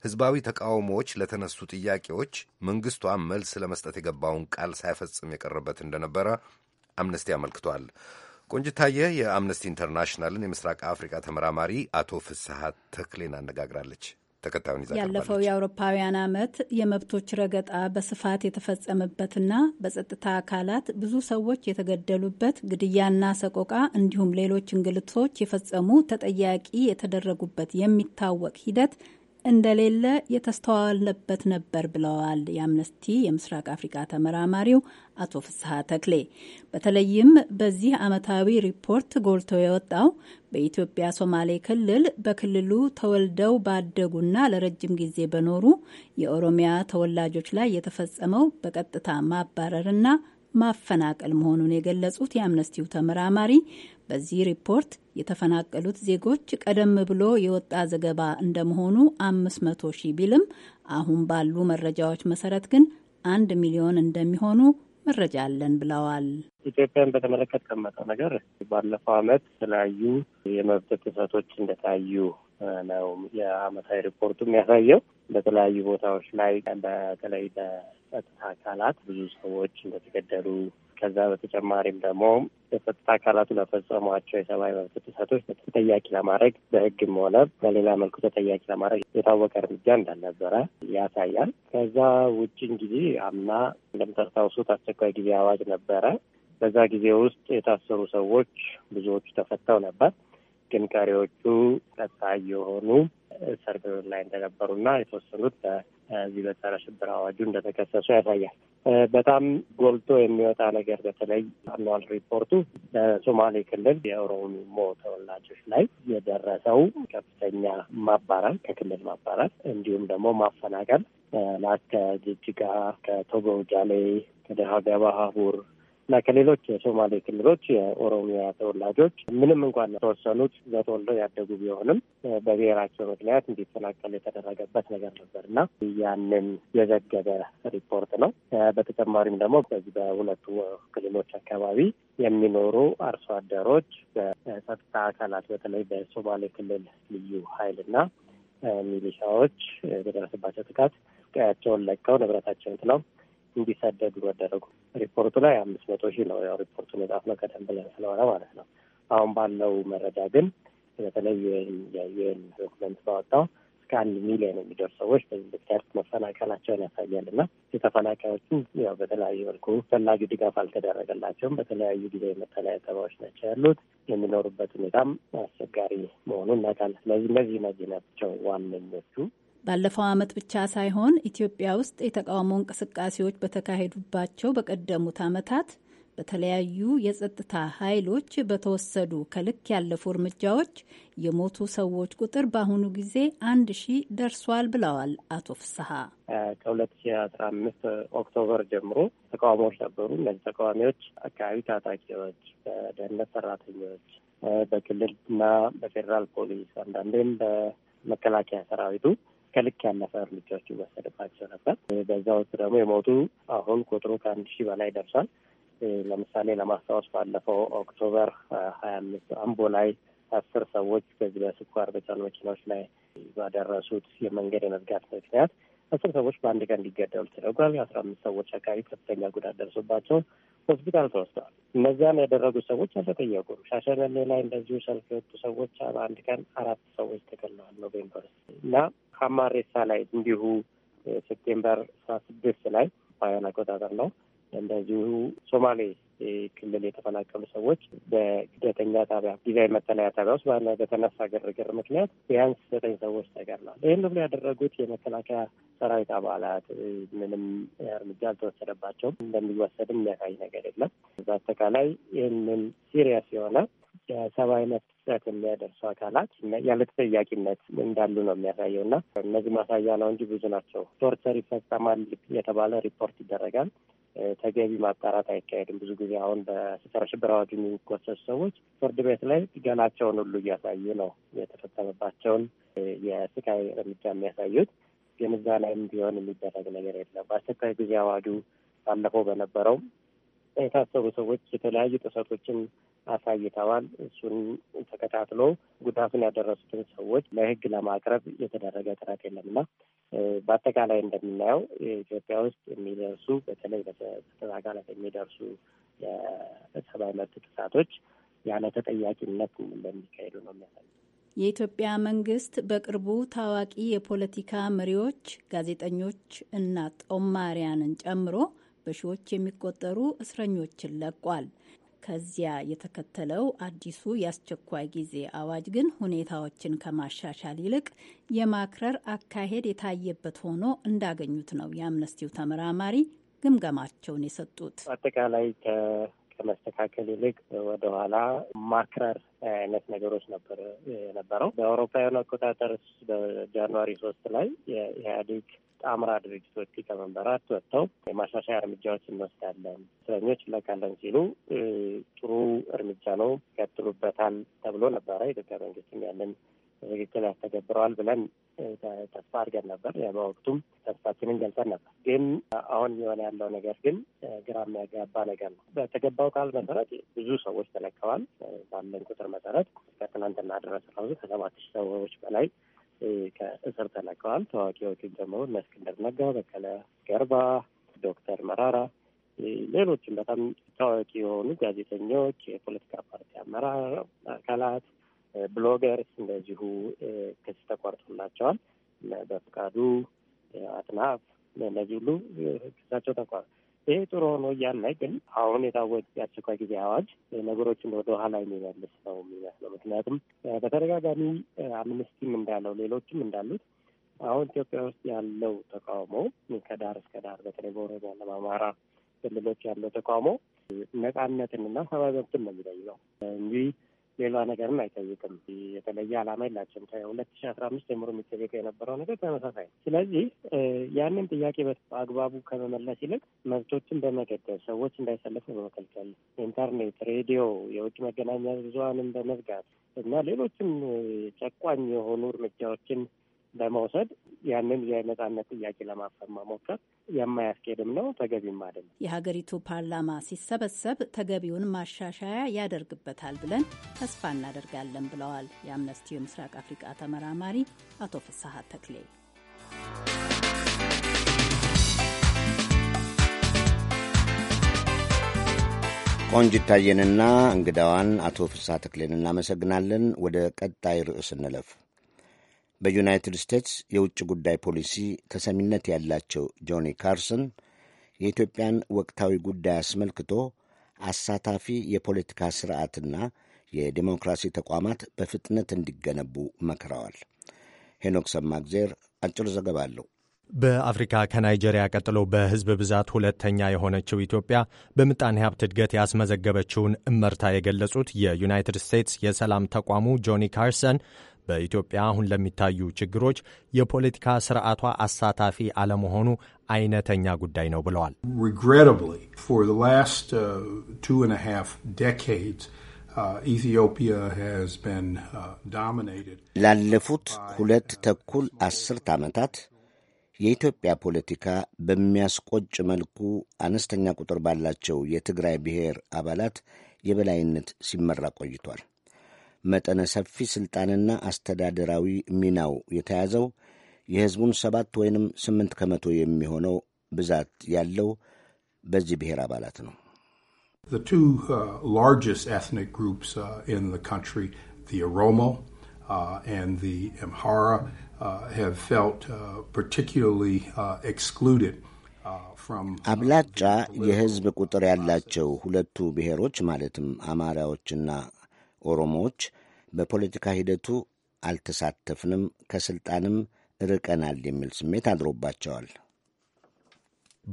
ሕዝባዊ ተቃውሞዎች ለተነሱ ጥያቄዎች መንግሥቷ መልስ ለመስጠት የገባውን ቃል ሳይፈጽም የቀረበት እንደነበረ አምነስቲ አመልክቷል። ቆንጅታየ የአምነስቲ ኢንተርናሽናልን የምስራቅ አፍሪካ ተመራማሪ አቶ ፍስሐ ተክሌን አነጋግራለች። ተከታዩን ይዛ ያለፈው የአውሮፓውያን ዓመት የመብቶች ረገጣ በስፋት የተፈጸመበትና በጸጥታ አካላት ብዙ ሰዎች የተገደሉበት ግድያና ሰቆቃ እንዲሁም ሌሎች እንግልቶች የፈጸሙ ተጠያቂ የተደረጉበት የሚታወቅ ሂደት እንደሌለ የተስተዋልንበት ነበር ብለዋል የአምነስቲ የምስራቅ አፍሪካ ተመራማሪው አቶ ፍስሀ ተክሌ። በተለይም በዚህ ዓመታዊ ሪፖርት ጎልቶ የወጣው በኢትዮጵያ ሶማሌ ክልል በክልሉ ተወልደው ባደጉና ለረጅም ጊዜ በኖሩ የኦሮሚያ ተወላጆች ላይ የተፈጸመው በቀጥታ ማባረርና ማፈናቀል መሆኑን የገለጹት የአምነስቲው ተመራማሪ በዚህ ሪፖርት የተፈናቀሉት ዜጎች ቀደም ብሎ የወጣ ዘገባ እንደመሆኑ 500 ሺህ ቢልም አሁን ባሉ መረጃዎች መሰረት ግን አንድ ሚሊዮን እንደሚሆኑ መረጃ አለን ብለዋል። ኢትዮጵያን በተመለከተ የተቀመጠው ነገር ባለፈው ዓመት የተለያዩ የመብት ጥሰቶች እንደታዩ ነው የአመታዊ ሪፖርቱ የሚያሳየው። በተለያዩ ቦታዎች ላይ በተለይ በጸጥታ አካላት ብዙ ሰዎች እንደተገደሉ ከዛ በተጨማሪም ደግሞ የጸጥታ አካላቱ ለፈጸሟቸው የሰብአዊ መብት ጥሰቶች ተጠያቂ ለማድረግ በሕግም ሆነ በሌላ መልኩ ተጠያቂ ለማድረግ የታወቀ እርምጃ እንዳልነበረ ያሳያል። ከዛ ውጭ እንግዲህ አምና እንደምታስታውሱት አስቸኳይ ጊዜ አዋጅ ነበረ። በዛ ጊዜ ውስጥ የታሰሩ ሰዎች ብዙዎቹ ተፈተው ነበር። ግን ቀሪዎቹ ቀጣይ የሆኑ ሰርቬዮን ላይ እንደነበሩና የተወሰኑት በዚህ በጸረ ሽብር አዋጁ እንደተከሰሱ ያሳያል። በጣም ጎልቶ የሚወጣ ነገር በተለይ አኗል ሪፖርቱ በሶማሌ ክልል የኦሮሞ ተወላጆች ላይ የደረሰው ከፍተኛ ማባረር፣ ከክልል ማባረር እንዲሁም ደግሞ ማፈናቀል ከጅጅጋ፣ ከቶጎ ጃሌ፣ ከደሃ ሀቡር እና ከሌሎች የሶማሌ ክልሎች የኦሮሚያ ተወላጆች ምንም እንኳን የተወሰኑት በተወልደው ያደጉ ቢሆንም በብሔራቸው ምክንያት እንዲፈናቀል የተደረገበት ነገር ነበር እና ያንን የዘገበ ሪፖርት ነው። በተጨማሪም ደግሞ በዚህ በሁለቱ ክልሎች አካባቢ የሚኖሩ አርሶ አደሮች በጸጥታ አካላት በተለይ በሶማሌ ክልል ልዩ ኃይልና ሚሊሻዎች በደረሰባቸው ጥቃት ቀያቸውን ለቀው ንብረታቸውን ጥለው እንዲሰደዱ መደረጉ ሪፖርቱ ላይ አምስት መቶ ሺህ ነው። ያው ሪፖርቱን የጻፍነው ቀደም ብለን ስለሆነ ማለት ነው። አሁን ባለው መረጃ ግን በተለይ የዩኤን ዶክመንት ባወጣው እስከ አንድ ሚሊዮን የሚደርሱ ሰዎች በዚህ ምክንያት መፈናቀላቸውን ያሳያል እና የተፈናቃዮችን ያው በተለያዩ መልኩ ፈላጊ ድጋፍ አልተደረገላቸውም። በተለያዩ ጊዜ መጠለያ ተባዎች ናቸው ያሉት። የሚኖሩበት ሁኔታም አስቸጋሪ መሆኑ እናውቃለን። ስለዚህ እነዚህ እነዚህ ናቸው ዋነኞቹ ባለፈው ዓመት ብቻ ሳይሆን ኢትዮጵያ ውስጥ የተቃውሞ እንቅስቃሴዎች በተካሄዱባቸው በቀደሙት ዓመታት በተለያዩ የጸጥታ ኃይሎች በተወሰዱ ከልክ ያለፉ እርምጃዎች የሞቱ ሰዎች ቁጥር በአሁኑ ጊዜ አንድ ሺህ ደርሷል ብለዋል አቶ ፍስሀ። ከሁለት ሺህ አስራ አምስት ኦክቶበር ጀምሮ ተቃውሞዎች ነበሩ። እነዚህ ተቃዋሚዎች አካባቢ ታጣቂዎች፣ በደህንነት ሰራተኞች፣ በክልልና በፌዴራል ፖሊስ አንዳንዴም በመከላከያ ሰራዊቱ ከልክ ያለፈ እርምጃዎች ይወሰድባቸው ነበር። በዛ ውስጥ ደግሞ የሞቱ አሁን ቁጥሩ ከአንድ ሺህ በላይ ደርሷል። ለምሳሌ ለማስታወስ ባለፈው ኦክቶበር ሀያ አምስት አምቦ ላይ አስር ሰዎች በዚህ በስኳር በጫኑ መኪናዎች ላይ ባደረሱት የመንገድ የመዝጋት ምክንያት አስር ሰዎች በአንድ ቀን እንዲገደሉ ተደርጓል። አስራ አምስት ሰዎች አካባቢ ከፍተኛ ጉዳት ደርሶባቸው ሆስፒታል ተወስደዋል። እነዚያን ያደረጉ ሰዎች አልተጠየቁም። ሻሸመኔ ላይ እንደዚሁ ሰልፍ የወጡ ሰዎች በአንድ ቀን አራት ሰዎች ተገለዋል። ኖቬምበር እና ሀማሬሳ ላይ እንዲሁ ሴፕቴምበር አስራ ስድስት ላይ ባያን አቆጣጠር ነው እንደዚሁ ሶማሌ ክልል የተፈናቀሉ ሰዎች በስደተኛ ጣቢያ ጊዜያዊ መጠለያ ጣቢያ ውስጥ ባለ በተነሳ ግርግር ምክንያት ቢያንስ ዘጠኝ ሰዎች ተገድለዋል። ይህን ሁሉ ያደረጉት የመከላከያ ሰራዊት አባላት ምንም እርምጃ አልተወሰደባቸውም። እንደሚወሰድም የሚያሳይ ነገር የለም። በአጠቃላይ ይህንን ሲሪየስ የሆነ የሰብአዊ መብት ጥሰት የሚያደርሱ አካላት ያለ ተጠያቂነት እንዳሉ ነው የሚያሳየው እና እነዚህ ማሳያ ነው እንጂ ብዙ ናቸው። ቶርቸር ይፈጸማል የተባለ ሪፖርት ይደረጋል። ተገቢ ማጣራት አይካሄድም። ብዙ ጊዜ አሁን በጸረ ሽብር የሚወሰሱ ሰዎች ፍርድ ቤት ላይ ገላቸውን ሁሉ እያሳዩ ነው የተፈጸመባቸውን የስቃይ እርምጃ የሚያሳዩት። ግን እዛ ላይም ቢሆን የሚደረግ ነገር የለም። በአስቸኳይ ጊዜ አዋጁ ባለፈው በነበረው የታሰሩ ሰዎች የተለያዩ ጥሰቶችን አሳይተዋል። እሱን ተከታትሎ ጉዳቱን ያደረሱትን ሰዎች ለሕግ ለማቅረብ የተደረገ ጥረት የለምና በአጠቃላይ እንደምናየው ኢትዮጵያ ውስጥ የሚደርሱ በተለይ በጸጥታ አካላት የሚደርሱ የሰብአዊ መብት ጥሰቶች ያለ ተጠያቂነት እንደሚካሄዱ ነው የሚያሳይ የኢትዮጵያ መንግስት በቅርቡ ታዋቂ የፖለቲካ መሪዎች፣ ጋዜጠኞች እና ጦማሪያንን ጨምሮ በሺዎች የሚቆጠሩ እስረኞችን ለቋል። ከዚያ የተከተለው አዲሱ የአስቸኳይ ጊዜ አዋጅ ግን ሁኔታዎችን ከማሻሻል ይልቅ የማክረር አካሄድ የታየበት ሆኖ እንዳገኙት ነው የአምነስቲው ተመራማሪ ግምገማቸውን የሰጡት። አጠቃላይ ከመስተካከል ይልቅ ወደኋላ ማክረር አይነት ነገሮች ነበር የነበረው። በአውሮፓውያኑ አቆጣጠር በጃንዋሪ ሶስት ላይ የኢህአዴግ አምራ ድርጅቶች ሊቀመንበራት ወጥተው የማሻሻያ እርምጃዎች እንወስዳለን፣ እስረኞች እንለቃለን ሲሉ ጥሩ እርምጃ ነው ይቀጥሉበታል ተብሎ ነበረ። ኢትዮጵያ መንግስትም ያንን ትክክል ያስተገብረዋል ብለን ተስፋ አድርገን ነበር። በወቅቱም ተስፋችንን ገልጸን ነበር። ግን አሁን የሆነ ያለው ነገር ግን ግራ የሚያጋባ ነገር ነው። በተገባው ቃል መሰረት ብዙ ሰዎች ተለቀዋል። ባለን ቁጥር መሰረት ከትናንትና ድረስ ከሰባት ሺህ ሰዎች በላይ ከእስር ተለቀዋል። ታዋቂዎችን ደግሞ እነ እስክንድር ነጋ፣ በቀለ ገርባ፣ ዶክተር መራራ ሌሎችም በጣም ታዋቂ የሆኑ ጋዜጠኞች፣ የፖለቲካ ፓርቲ አመራር አካላት፣ ብሎገርስ እንደዚሁ ክስ ተቋርጦላቸዋል። በፍቃዱ አጥናፍ፣ እነዚህ ሁሉ ክሳቸው ተቋርጦ ይሄ ጥሩ ሆኖ እያለ ግን አሁን የታወጀ የአስቸኳይ ጊዜ አዋጅ ነገሮችን ወደ ኋላ የሚመልስ ነው የሚመስለው። ምክንያቱም በተደጋጋሚ አምነስቲም እንዳለው ሌሎችም እንዳሉት አሁን ኢትዮጵያ ውስጥ ያለው ተቃውሞ ከዳር እስከ ዳር በተለይ በኦሮሚያ በኦሮሚያና በአማራ ክልሎች ያለው ተቃውሞ ነጻነትንና ሰብአዊ መብትን ነው የሚለይ ነው እንግዲህ ሌላ ነገርም አይጠይቅም። የተለየ አላማ የላቸውም። ከሁለት ሺ አስራ አምስት ጀምሮ የሚጠየቀው የነበረው ነገር ተመሳሳይ። ስለዚህ ያንን ጥያቄ በአግባቡ ከመመለስ ይልቅ መብቶችን በመገደብ ሰዎች እንዳይሰለፉ በመከልከል ኢንተርኔት፣ ሬዲዮ፣ የውጭ መገናኛ ብዙሀንን በመዝጋት እና ሌሎችም ጨቋኝ የሆኑ እርምጃዎችን በመውሰድ ያንን የነጻነት ጥያቄ ለማፈን መሞከር የማያስኬድም ነው፣ ተገቢም አይደለም። የሀገሪቱ ፓርላማ ሲሰበሰብ ተገቢውን ማሻሻያ ያደርግበታል ብለን ተስፋ እናደርጋለን ብለዋል የአምነስቲው የምስራቅ አፍሪቃ ተመራማሪ አቶ ፍስሀ ተክሌ። ቆንጅታየንና እንግዳዋን አቶ ፍስሀ ተክሌን እናመሰግናለን። ወደ ቀጣይ ርዕስ እንለፍ። በዩናይትድ ስቴትስ የውጭ ጉዳይ ፖሊሲ ተሰሚነት ያላቸው ጆኒ ካርሰን የኢትዮጵያን ወቅታዊ ጉዳይ አስመልክቶ አሳታፊ የፖለቲካ ስርዓትና የዲሞክራሲ ተቋማት በፍጥነት እንዲገነቡ መክረዋል። ሄኖክ ሰማግዜር አጭር ዘገባ አለው። በአፍሪካ ከናይጄሪያ ቀጥሎ በሕዝብ ብዛት ሁለተኛ የሆነችው ኢትዮጵያ በምጣኔ ሀብት እድገት ያስመዘገበችውን እመርታ የገለጹት የዩናይትድ ስቴትስ የሰላም ተቋሙ ጆኒ ካርሰን በኢትዮጵያ አሁን ለሚታዩ ችግሮች የፖለቲካ ስርዓቷ አሳታፊ አለመሆኑ አይነተኛ ጉዳይ ነው ብለዋል። uh, uh, uh, ላለፉት ሁለት ተኩል አስርት ዓመታት የኢትዮጵያ ፖለቲካ በሚያስቆጭ መልኩ አነስተኛ ቁጥር ባላቸው የትግራይ ብሔር አባላት የበላይነት ሲመራ ቆይቷል። መጠነ ሰፊ ሥልጣንና አስተዳደራዊ ሚናው የተያዘው የሕዝቡን ሰባት ወይንም ስምንት ከመቶ የሚሆነው ብዛት ያለው በዚህ ብሔር አባላት ነው። አብላጫ የሕዝብ ቁጥር ያላቸው ሁለቱ ብሔሮች ማለትም አማራዎችና ኦሮሞዎች በፖለቲካ ሂደቱ አልተሳተፍንም፣ ከስልጣንም ርቀናል የሚል ስሜት አድሮባቸዋል።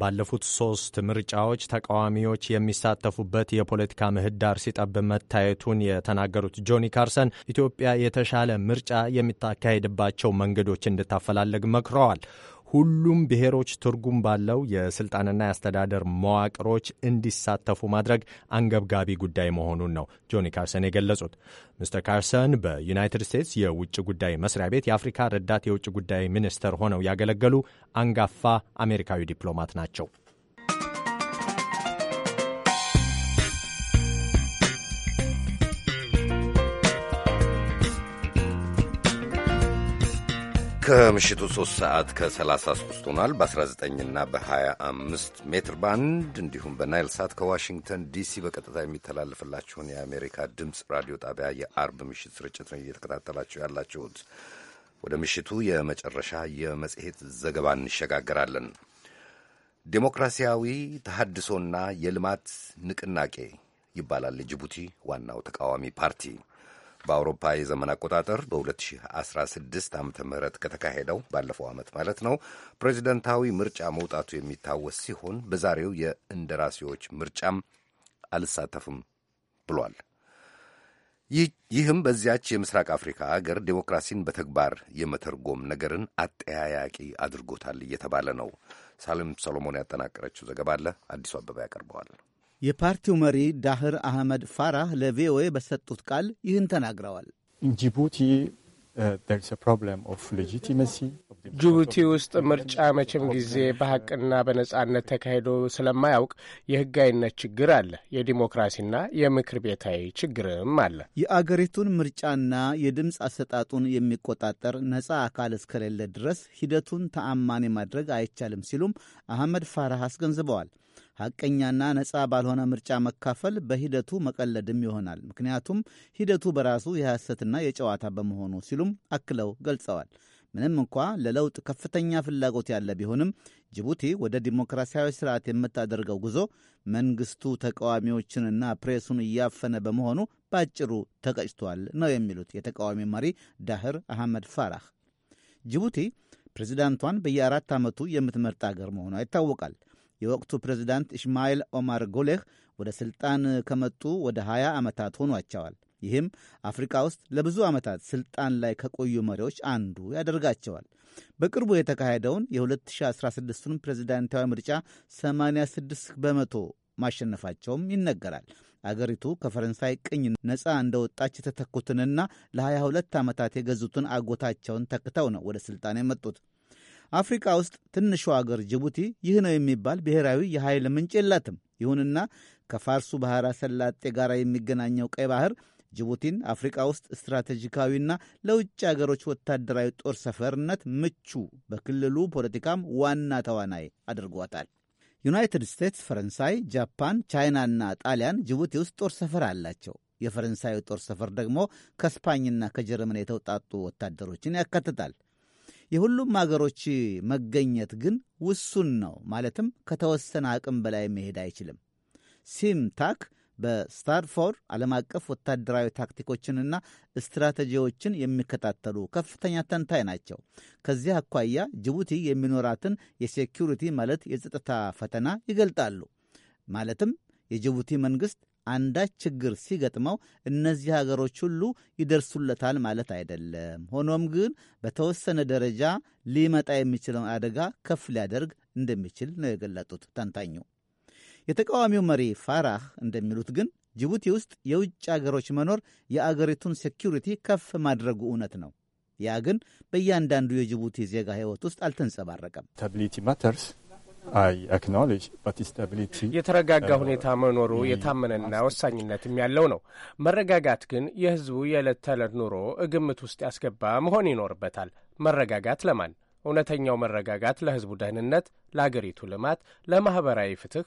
ባለፉት ሶስት ምርጫዎች ተቃዋሚዎች የሚሳተፉበት የፖለቲካ ምህዳር ሲጠብ መታየቱን የተናገሩት ጆኒ ካርሰን ኢትዮጵያ የተሻለ ምርጫ የሚታካሄድባቸው መንገዶች እንድታፈላለግ መክረዋል። ሁሉም ብሔሮች ትርጉም ባለው የሥልጣንና የአስተዳደር መዋቅሮች እንዲሳተፉ ማድረግ አንገብጋቢ ጉዳይ መሆኑን ነው ጆኒ ካርሰን የገለጹት። ሚስተር ካርሰን በዩናይትድ ስቴትስ የውጭ ጉዳይ መስሪያ ቤት የአፍሪካ ረዳት የውጭ ጉዳይ ሚኒስትር ሆነው ያገለገሉ አንጋፋ አሜሪካዊ ዲፕሎማት ናቸው። ከምሽቱ 3 ሰዓት ከ33 ሆኗል። በ19 እና በ25 ሜትር ባንድ እንዲሁም በናይል ሳት ከዋሽንግተን ዲሲ በቀጥታ የሚተላልፍላችሁን የአሜሪካ ድምፅ ራዲዮ ጣቢያ የአርብ ምሽት ስርጭት ነው እየተከታተላችሁ ያላችሁት። ወደ ምሽቱ የመጨረሻ የመጽሔት ዘገባ እንሸጋገራለን። ዴሞክራሲያዊ ተሃድሶና የልማት ንቅናቄ ይባላል የጅቡቲ ዋናው ተቃዋሚ ፓርቲ በአውሮፓ የዘመን አቆጣጠር በ2016 ዓ ም ከተካሄደው ባለፈው ዓመት ማለት ነው ፕሬዚደንታዊ ምርጫ መውጣቱ የሚታወስ ሲሆን በዛሬው የእንደራሴዎች ምርጫም አልሳተፍም ብሏል። ይህም በዚያች የምስራቅ አፍሪካ አገር ዴሞክራሲን በተግባር የመተርጎም ነገርን አጠያያቂ አድርጎታል እየተባለ ነው። ሳልም ሰሎሞን ያጠናቀረችው ዘገባ አለ፣ አዲሱ አበባ ያቀርበዋል። የፓርቲው መሪ ዳህር አህመድ ፋራህ ለቪኦኤ በሰጡት ቃል ይህን ተናግረዋል። uh, ጅቡቲ ውስጥ ምርጫ መቼም ጊዜ በሐቅና በነጻነት ተካሂዶ ስለማያውቅ የሕጋዊነት ችግር አለ። የዲሞክራሲና የምክር ቤታዊ ችግርም አለ። የአገሪቱን ምርጫና የድምፅ አሰጣጡን የሚቆጣጠር ነጻ አካል እስከሌለ ድረስ ሂደቱን ተአማኒ ማድረግ አይቻልም ሲሉም አህመድ ፋራህ አስገንዝበዋል። ሐቀኛና ነጻ ባልሆነ ምርጫ መካፈል በሂደቱ መቀለድም ይሆናል። ምክንያቱም ሂደቱ በራሱ የሐሰትና የጨዋታ በመሆኑ ሲሉም አክለው ገልጸዋል። ምንም እንኳ ለለውጥ ከፍተኛ ፍላጎት ያለ ቢሆንም ጅቡቲ ወደ ዲሞክራሲያዊ ስርዓት የምታደርገው ጉዞ መንግስቱ ተቃዋሚዎችንና ፕሬሱን እያፈነ በመሆኑ በአጭሩ ተቀጭቷል ነው የሚሉት የተቃዋሚ መሪ ዳህር አህመድ ፋራህ። ጅቡቲ ፕሬዚዳንቷን በየአራት ዓመቱ የምትመርጥ አገር መሆኗ ይታወቃል። የወቅቱ ፕሬዚዳንት ኢስማኤል ኦማር ጎሌህ ወደ ሥልጣን ከመጡ ወደ 20 ዓመታት ሆኗቸዋል። ይህም አፍሪካ ውስጥ ለብዙ ዓመታት ሥልጣን ላይ ከቆዩ መሪዎች አንዱ ያደርጋቸዋል። በቅርቡ የተካሄደውን የ2016ቱን ፕሬዚዳንታዊ ምርጫ 86 በመቶ ማሸነፋቸውም ይነገራል። አገሪቱ ከፈረንሳይ ቅኝ ነፃ እንደወጣች የተተኩትንና ለ22 ዓመታት የገዙትን አጎታቸውን ተክተው ነው ወደ ሥልጣን የመጡት። አፍሪካ ውስጥ ትንሿ አገር ጅቡቲ ይህ ነው የሚባል ብሔራዊ የኃይል ምንጭ የላትም። ይሁንና ከፋርሱ ባሕረ ሰላጤ ጋር የሚገናኘው ቀይ ባህር ጅቡቲን አፍሪቃ ውስጥ ስትራቴጂካዊና ለውጭ አገሮች ወታደራዊ ጦር ሰፈርነት ምቹ፣ በክልሉ ፖለቲካም ዋና ተዋናይ አድርጓታል። ዩናይትድ ስቴትስ፣ ፈረንሳይ፣ ጃፓን፣ ቻይናና ጣሊያን ጅቡቲ ውስጥ ጦር ሰፈር አላቸው። የፈረንሳዩ ጦር ሰፈር ደግሞ ከስፓኝና ከጀርመን የተውጣጡ ወታደሮችን ያካትታል። የሁሉም አገሮች መገኘት ግን ውሱን ነው። ማለትም ከተወሰነ አቅም በላይ መሄድ አይችልም። ሲምታክ በስታንፎርድ ዓለም አቀፍ ወታደራዊ ታክቲኮችንና ስትራቴጂዎችን የሚከታተሉ ከፍተኛ ተንታኝ ናቸው። ከዚህ አኳያ ጅቡቲ የሚኖራትን የሴኪሪቲ ማለት የጸጥታ ፈተና ይገልጣሉ። ማለትም የጅቡቲ መንግሥት አንዳች ችግር ሲገጥመው እነዚህ ሀገሮች ሁሉ ይደርሱለታል ማለት አይደለም። ሆኖም ግን በተወሰነ ደረጃ ሊመጣ የሚችለውን አደጋ ከፍ ሊያደርግ እንደሚችል ነው የገለጡት ተንታኙ። የተቃዋሚው መሪ ፋራህ እንደሚሉት ግን ጅቡቲ ውስጥ የውጭ አገሮች መኖር የአገሪቱን ሴኪሪቲ ከፍ ማድረጉ እውነት ነው። ያ ግን በእያንዳንዱ የጅቡቲ ዜጋ ሕይወት ውስጥ አልተንጸባረቀም። Uh, የተረጋጋ ሁኔታ መኖሩ የታመነና ወሳኝነትም ያለው ነው። መረጋጋት ግን የህዝቡ የዕለት ተዕለት ኑሮ ግምት ውስጥ ያስገባ መሆን ይኖርበታል። መረጋጋት ለማን? እውነተኛው መረጋጋት ለህዝቡ ደህንነት፣ ለአገሪቱ ልማት፣ ለማኅበራዊ ፍትሕ፣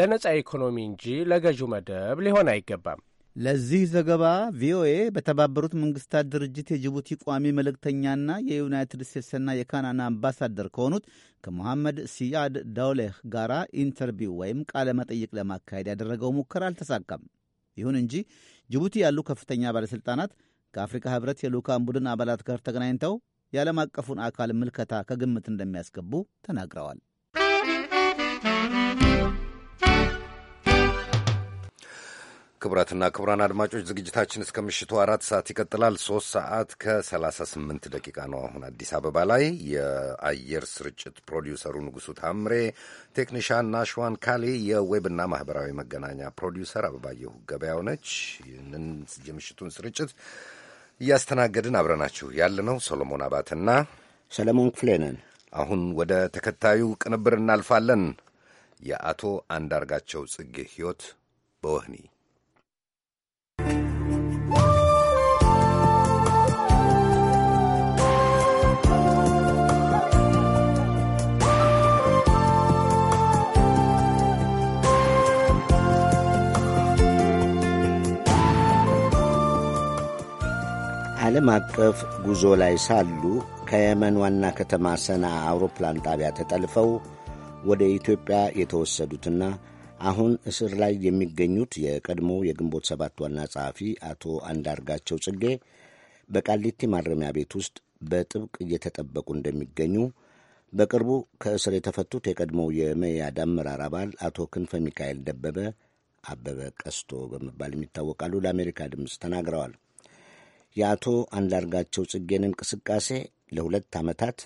ለነጻ ኢኮኖሚ እንጂ ለገዢው መደብ ሊሆን አይገባም። ለዚህ ዘገባ ቪኦኤ በተባበሩት መንግስታት ድርጅት የጅቡቲ ቋሚ መልእክተኛና የዩናይትድ ስቴትስና የካናዳ አምባሳደር ከሆኑት ከሞሐመድ ሲያድ ዳውሌህ ጋር ኢንተርቪው ወይም ቃለ መጠይቅ ለማካሄድ ያደረገው ሙከራ አልተሳካም። ይሁን እንጂ ጅቡቲ ያሉ ከፍተኛ ባለሥልጣናት ከአፍሪካ ህብረት የልዑካን ቡድን አባላት ጋር ተገናኝተው የዓለም አቀፉን አካል ምልከታ ከግምት እንደሚያስገቡ ተናግረዋል። ክቡራትና ክቡራን አድማጮች ዝግጅታችን እስከ ምሽቱ አራት ሰዓት ይቀጥላል። ሶስት ሰዓት ከሰላሳ ስምንት ደቂቃ ነው አሁን አዲስ አበባ ላይ። የአየር ስርጭት ፕሮዲውሰሩ ንጉሱ ታምሬ፣ ቴክኒሻን ናሽዋን ካሌ፣ የዌብና ማህበራዊ መገናኛ ፕሮዲውሰር አበባየሁ ገበያው ነች። ይህንን የምሽቱን ስርጭት እያስተናገድን አብረናችሁ ያለ ነው ሶሎሞን አባትና ሰለሞን ክፍሌ ነን። አሁን ወደ ተከታዩ ቅንብር እናልፋለን። የአቶ አንዳርጋቸው ጽጌ ሕይወት በወህኒ ዓለም አቀፍ ጉዞ ላይ ሳሉ ከየመን ዋና ከተማ ሰና አውሮፕላን ጣቢያ ተጠልፈው ወደ ኢትዮጵያ የተወሰዱትና አሁን እስር ላይ የሚገኙት የቀድሞ የግንቦት ሰባት ዋና ጸሐፊ አቶ አንዳርጋቸው ጽጌ በቃሊቲ ማረሚያ ቤት ውስጥ በጥብቅ እየተጠበቁ እንደሚገኙ በቅርቡ ከእስር የተፈቱት የቀድሞው የመያድ አመራር አባል አቶ ክንፈ ሚካኤል ደበበ አበበ ቀስቶ በመባል የሚታወቃሉ ለአሜሪካ ድምፅ ተናግረዋል። የአቶ አንዳርጋቸው ጽጌን እንቅስቃሴ ለሁለት ዓመታት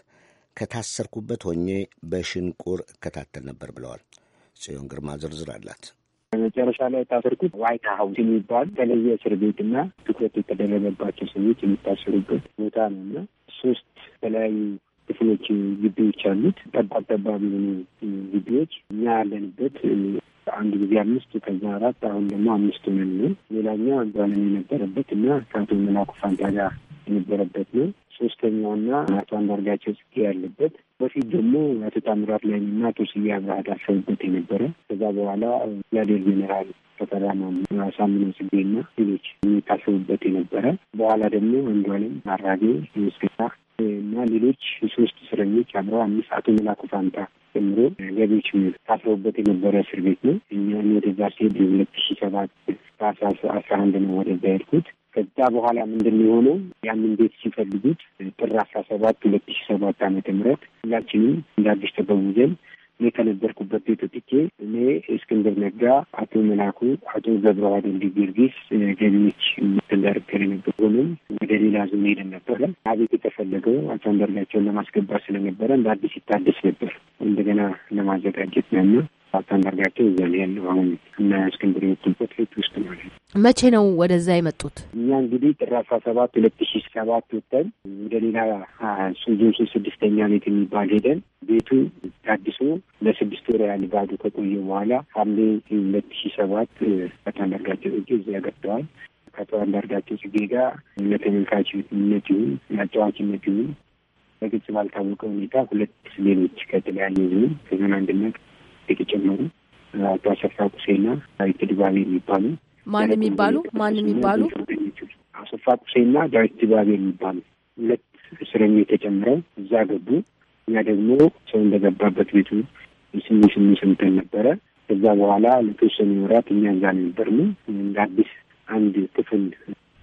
ከታሰርኩበት ሆኜ በሽንቁር እከታተል ነበር ብለዋል። ጽዮን ግርማ ዝርዝር አላት። መጨረሻ ላይ የታሰርኩት ዋይት ሀውስ የሚባል የተለየ እስር ቤት ቤትና ትኩረት የተደረገባቸው ሰዎች የሚታሰሩበት ቦታ ነው እና ሶስት የተለያዩ ክፍሎች ግቢዎች አሉት። ጠባብ ጠባብ የሆኑ ግቢዎች እኛ ያለንበት አንድ ጊዜ አምስት ከዛ አራት አሁን ደግሞ አምስት ነን ሌላኛው አንዷለም የነበረበት እና ከአቶ መላኩ ፋንታ ጋር የነበረበት ነው። ሶስተኛውና አቶ አንዳርጋቸው ጽጌ ያለበት በፊት ደግሞ አቶ ታምራት ላይ ላይና አቶ ስዬ አብርሃ ታሰቡበት የነበረ ከዛ በኋላ ብርጋዴር ጄኔራል ተፈራማ አሳምነው ጽጌና ሌሎች የሚታሰቡበት የነበረ በኋላ ደግሞ አንዷለም አራጌ ምስክታ እና ሌሎች ሶስት እስረኞች አብረው አምስት አቶ መላኩ ፋንታ ጨምሮ ገቢዎች ታስረውበት የነበረ እስር ቤት ነው። እኛን ወደዛ ሲሄድ ሁለት ሺ ሰባት በአስራ አንድ ነው ወደዛ ያልኩት። ከዛ በኋላ ምንድን የሆነው ያንን ቤት ሲፈልጉት ጥር አስራ ሰባት ሁለት ሺ ሰባት አመተ ምህረት ሁላችንም እንደ ተበውዘን እኔ ከነበርኩበት ቤት ወጥቼ እኔ እስክንድር ነጋ፣ አቶ መላኩ፣ አቶ ገብረዋድ እንዲ ጊዮርጊስ ገቢዎች ምክትል ዳይሬክተር ወደ ሌላ ዞን ሄደን ነበረ። አቤት የተፈለገው አቶ አንዳርጋቸውን ለማስገባት ስለነበረ እንደ አዲስ ይታደስ ነበር እንደገና ለማዘጋጀት ነና ሳታንዳርጋቸው እዛ ያለ አሁን እና እስክንድር የምትልበት ፊት ውስጥ ማለት ነው። መቼ ነው ወደዛ የመጡት? እኛ እንግዲህ ጥር አስራ ሰባት ሁለት ሺ ሰባት ወጥተን ወደ ሌላ ሱዙ ስድስተኛ ቤት የሚባል ሄደን ቤቱ ታድሶ ለስድስት ወር ያህል ባዶ ከቆየ በኋላ ሐምሌ ሁለት ሺ ሰባት ሳታንዳርጋቸው እጅ እዚያ ገብተዋል። ከአቶ አንዳርጋቸው ጽጌ ጋር ለተመልካችነት ይሁን ለአጫዋችነት ይሁን በግልጽ ባልታወቀ ሁኔታ ሁለት ሌሎች ከተለያዩ ዝም ህዝብን አንድነት የተጨመሩ አቶ አሰፋ ቁሴና ዳዊት ድባቤ የሚባሉ ማን የሚባሉ ማን የሚባሉ አሰፋ ቁሴና ዳዊት ድባቤ የሚባሉ ሁለት እስረኞች ተጨምረው እዛ ገቡ። እኛ ደግሞ ሰው እንደገባበት ቤቱ ስሚ ስሚ ሰምተን ነበረ። ከዛ በኋላ ለተወሰኑ ወራት እኛ እዛ ነበርን። እንደ አዲስ አንድ ክፍል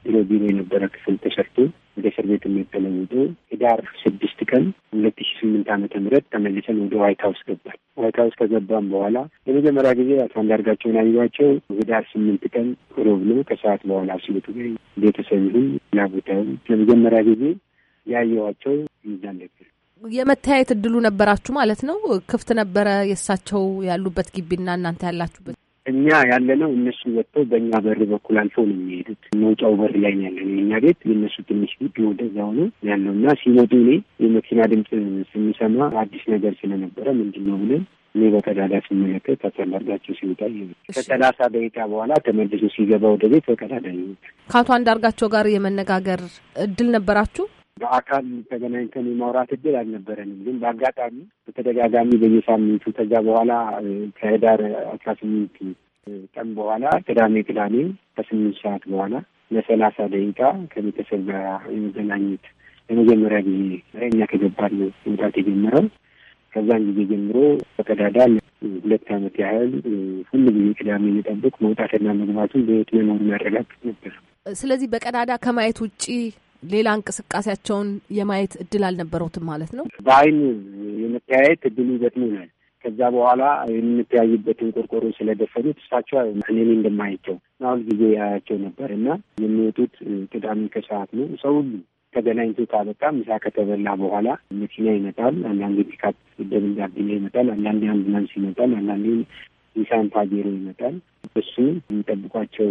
ቢሮ ቢሮ የነበረ ክፍል ተሰርቶ ወደ እስር ቤት የሚተለውጦ ህዳር ስድስት ቀን ሁለት ሺ ስምንት ዓመተ ምህረት ተመልሰን ወደ ዋይት ሀውስ ገባል። ዋይት ሀውስ ከገባም በኋላ ለመጀመሪያ ጊዜ አቶ አንዳርጋቸውን አየኋቸው። ህዳር ስምንት ቀን ሮብ ብሎ ከሰዓት በኋላ ሲወጡ ጋ ቤተሰብ ይሁን እና ቦታውን ለመጀመሪያ ጊዜ ያየኋቸው ሚዛን ነበር። የመተያየት እድሉ ነበራችሁ ማለት ነው? ክፍት ነበረ የእሳቸው ያሉበት ግቢና እናንተ ያላችሁበት? እኛ ያለነው እነሱ ወጥተው በእኛ በር በኩል አልፈው ነው የሚሄዱት። መውጫው በር ላይ ነው ያለነው የእኛ ቤት። የእነሱ ትንሽ ግቢ ወደዛ ሆኖ ያለው እና ሲመጡ እኔ የመኪና ድምፅ ስንሰማ አዲስ ነገር ስለነበረ ምንድን ነው ብለን እኔ በቀዳዳ ስመለከት አፈላጋቸው ሲወጣ ከሰላሳ ደቂቃ በኋላ ተመልሶ ሲገባ ወደ ቤት በቀዳዳ ይወጣ። ከአቶ አንዳርጋቸው ጋር የመነጋገር እድል ነበራችሁ? በአካል ተገናኝተን የማውራት እድል አልነበረንም። ግን በአጋጣሚ በተደጋጋሚ በየሳምንቱ ከዛ በኋላ ከህዳር አስራ ስምንት ቀን በኋላ ቅዳሜ ቅዳሜ ከስምንት ሰዓት በኋላ ለሰላሳ ደቂቃ ከቤተሰብ ጋር የመገናኘት ለመጀመሪያ ጊዜ እኛ ከገባን መምጣት የጀመረው ከዛን ጊዜ ጀምሮ በቀዳዳ ሁለት ዓመት ያህል ሁሉ ጊዜ ቅዳሜ እየጠብቅ መውጣትና መግባቱን በህይወት መኖሩን ያረጋግጥ ነበር። ስለዚህ በቀዳዳ ከማየት ውጪ ሌላ እንቅስቃሴያቸውን የማየት እድል አልነበረውትም ማለት ነው። በአይን የመተያየት እድሉ ይገጥሙናል። ከዛ በኋላ የምንተያይበትን ቆርቆሮ ስለደፈኑት እሳቸው እኔ እንደማያቸው ናሁል ጊዜ ያያቸው ነበር እና የሚወጡት ቅዳሜ ከሰዓት ነው። ሰው ሁሉ ተገናኝቶ ካበቃ ምሳ ከተበላ በኋላ መኪና ይመጣል። አንዳንዴ ፒካፕ ደብል ይመጣል። አንዳንዴ አምቡላንስ ይመጣል። አንዳንዴ ኒሳን ታጌሮ ይመጣል። እሱ የሚጠብቋቸው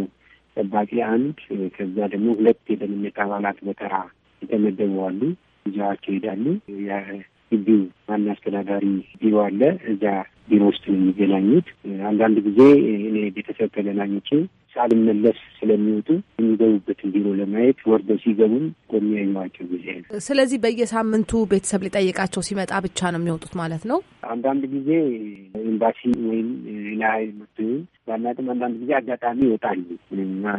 ጠባቂ አንድ፣ ከዛ ደግሞ ሁለት የደህንነት አባላት በተራ የተመደቡ አሉ። ይዘዋቸው ይሄዳሉ። ግቢው ዋና አስተዳዳሪ ቢሮ አለ። እዛ ቢሮ ውስጥ ነው የሚገናኙት። አንዳንድ ጊዜ እኔ ቤተሰብ ተገናኝቼ ሳልመለስ ስለሚወጡ የሚገቡበትን ቢሮ ቤት ወርደ ሲገቡም የሚያዩዋቸው ጊዜ ነው። ስለዚህ በየሳምንቱ ቤተሰብ ሊጠይቃቸው ሲመጣ ብቻ ነው የሚወጡት ማለት ነው። አንዳንድ ጊዜ ኤምባሲ ወይም ላይ ምትሆን ባናቅም አንዳንድ ጊዜ አጋጣሚ ይወጣሉ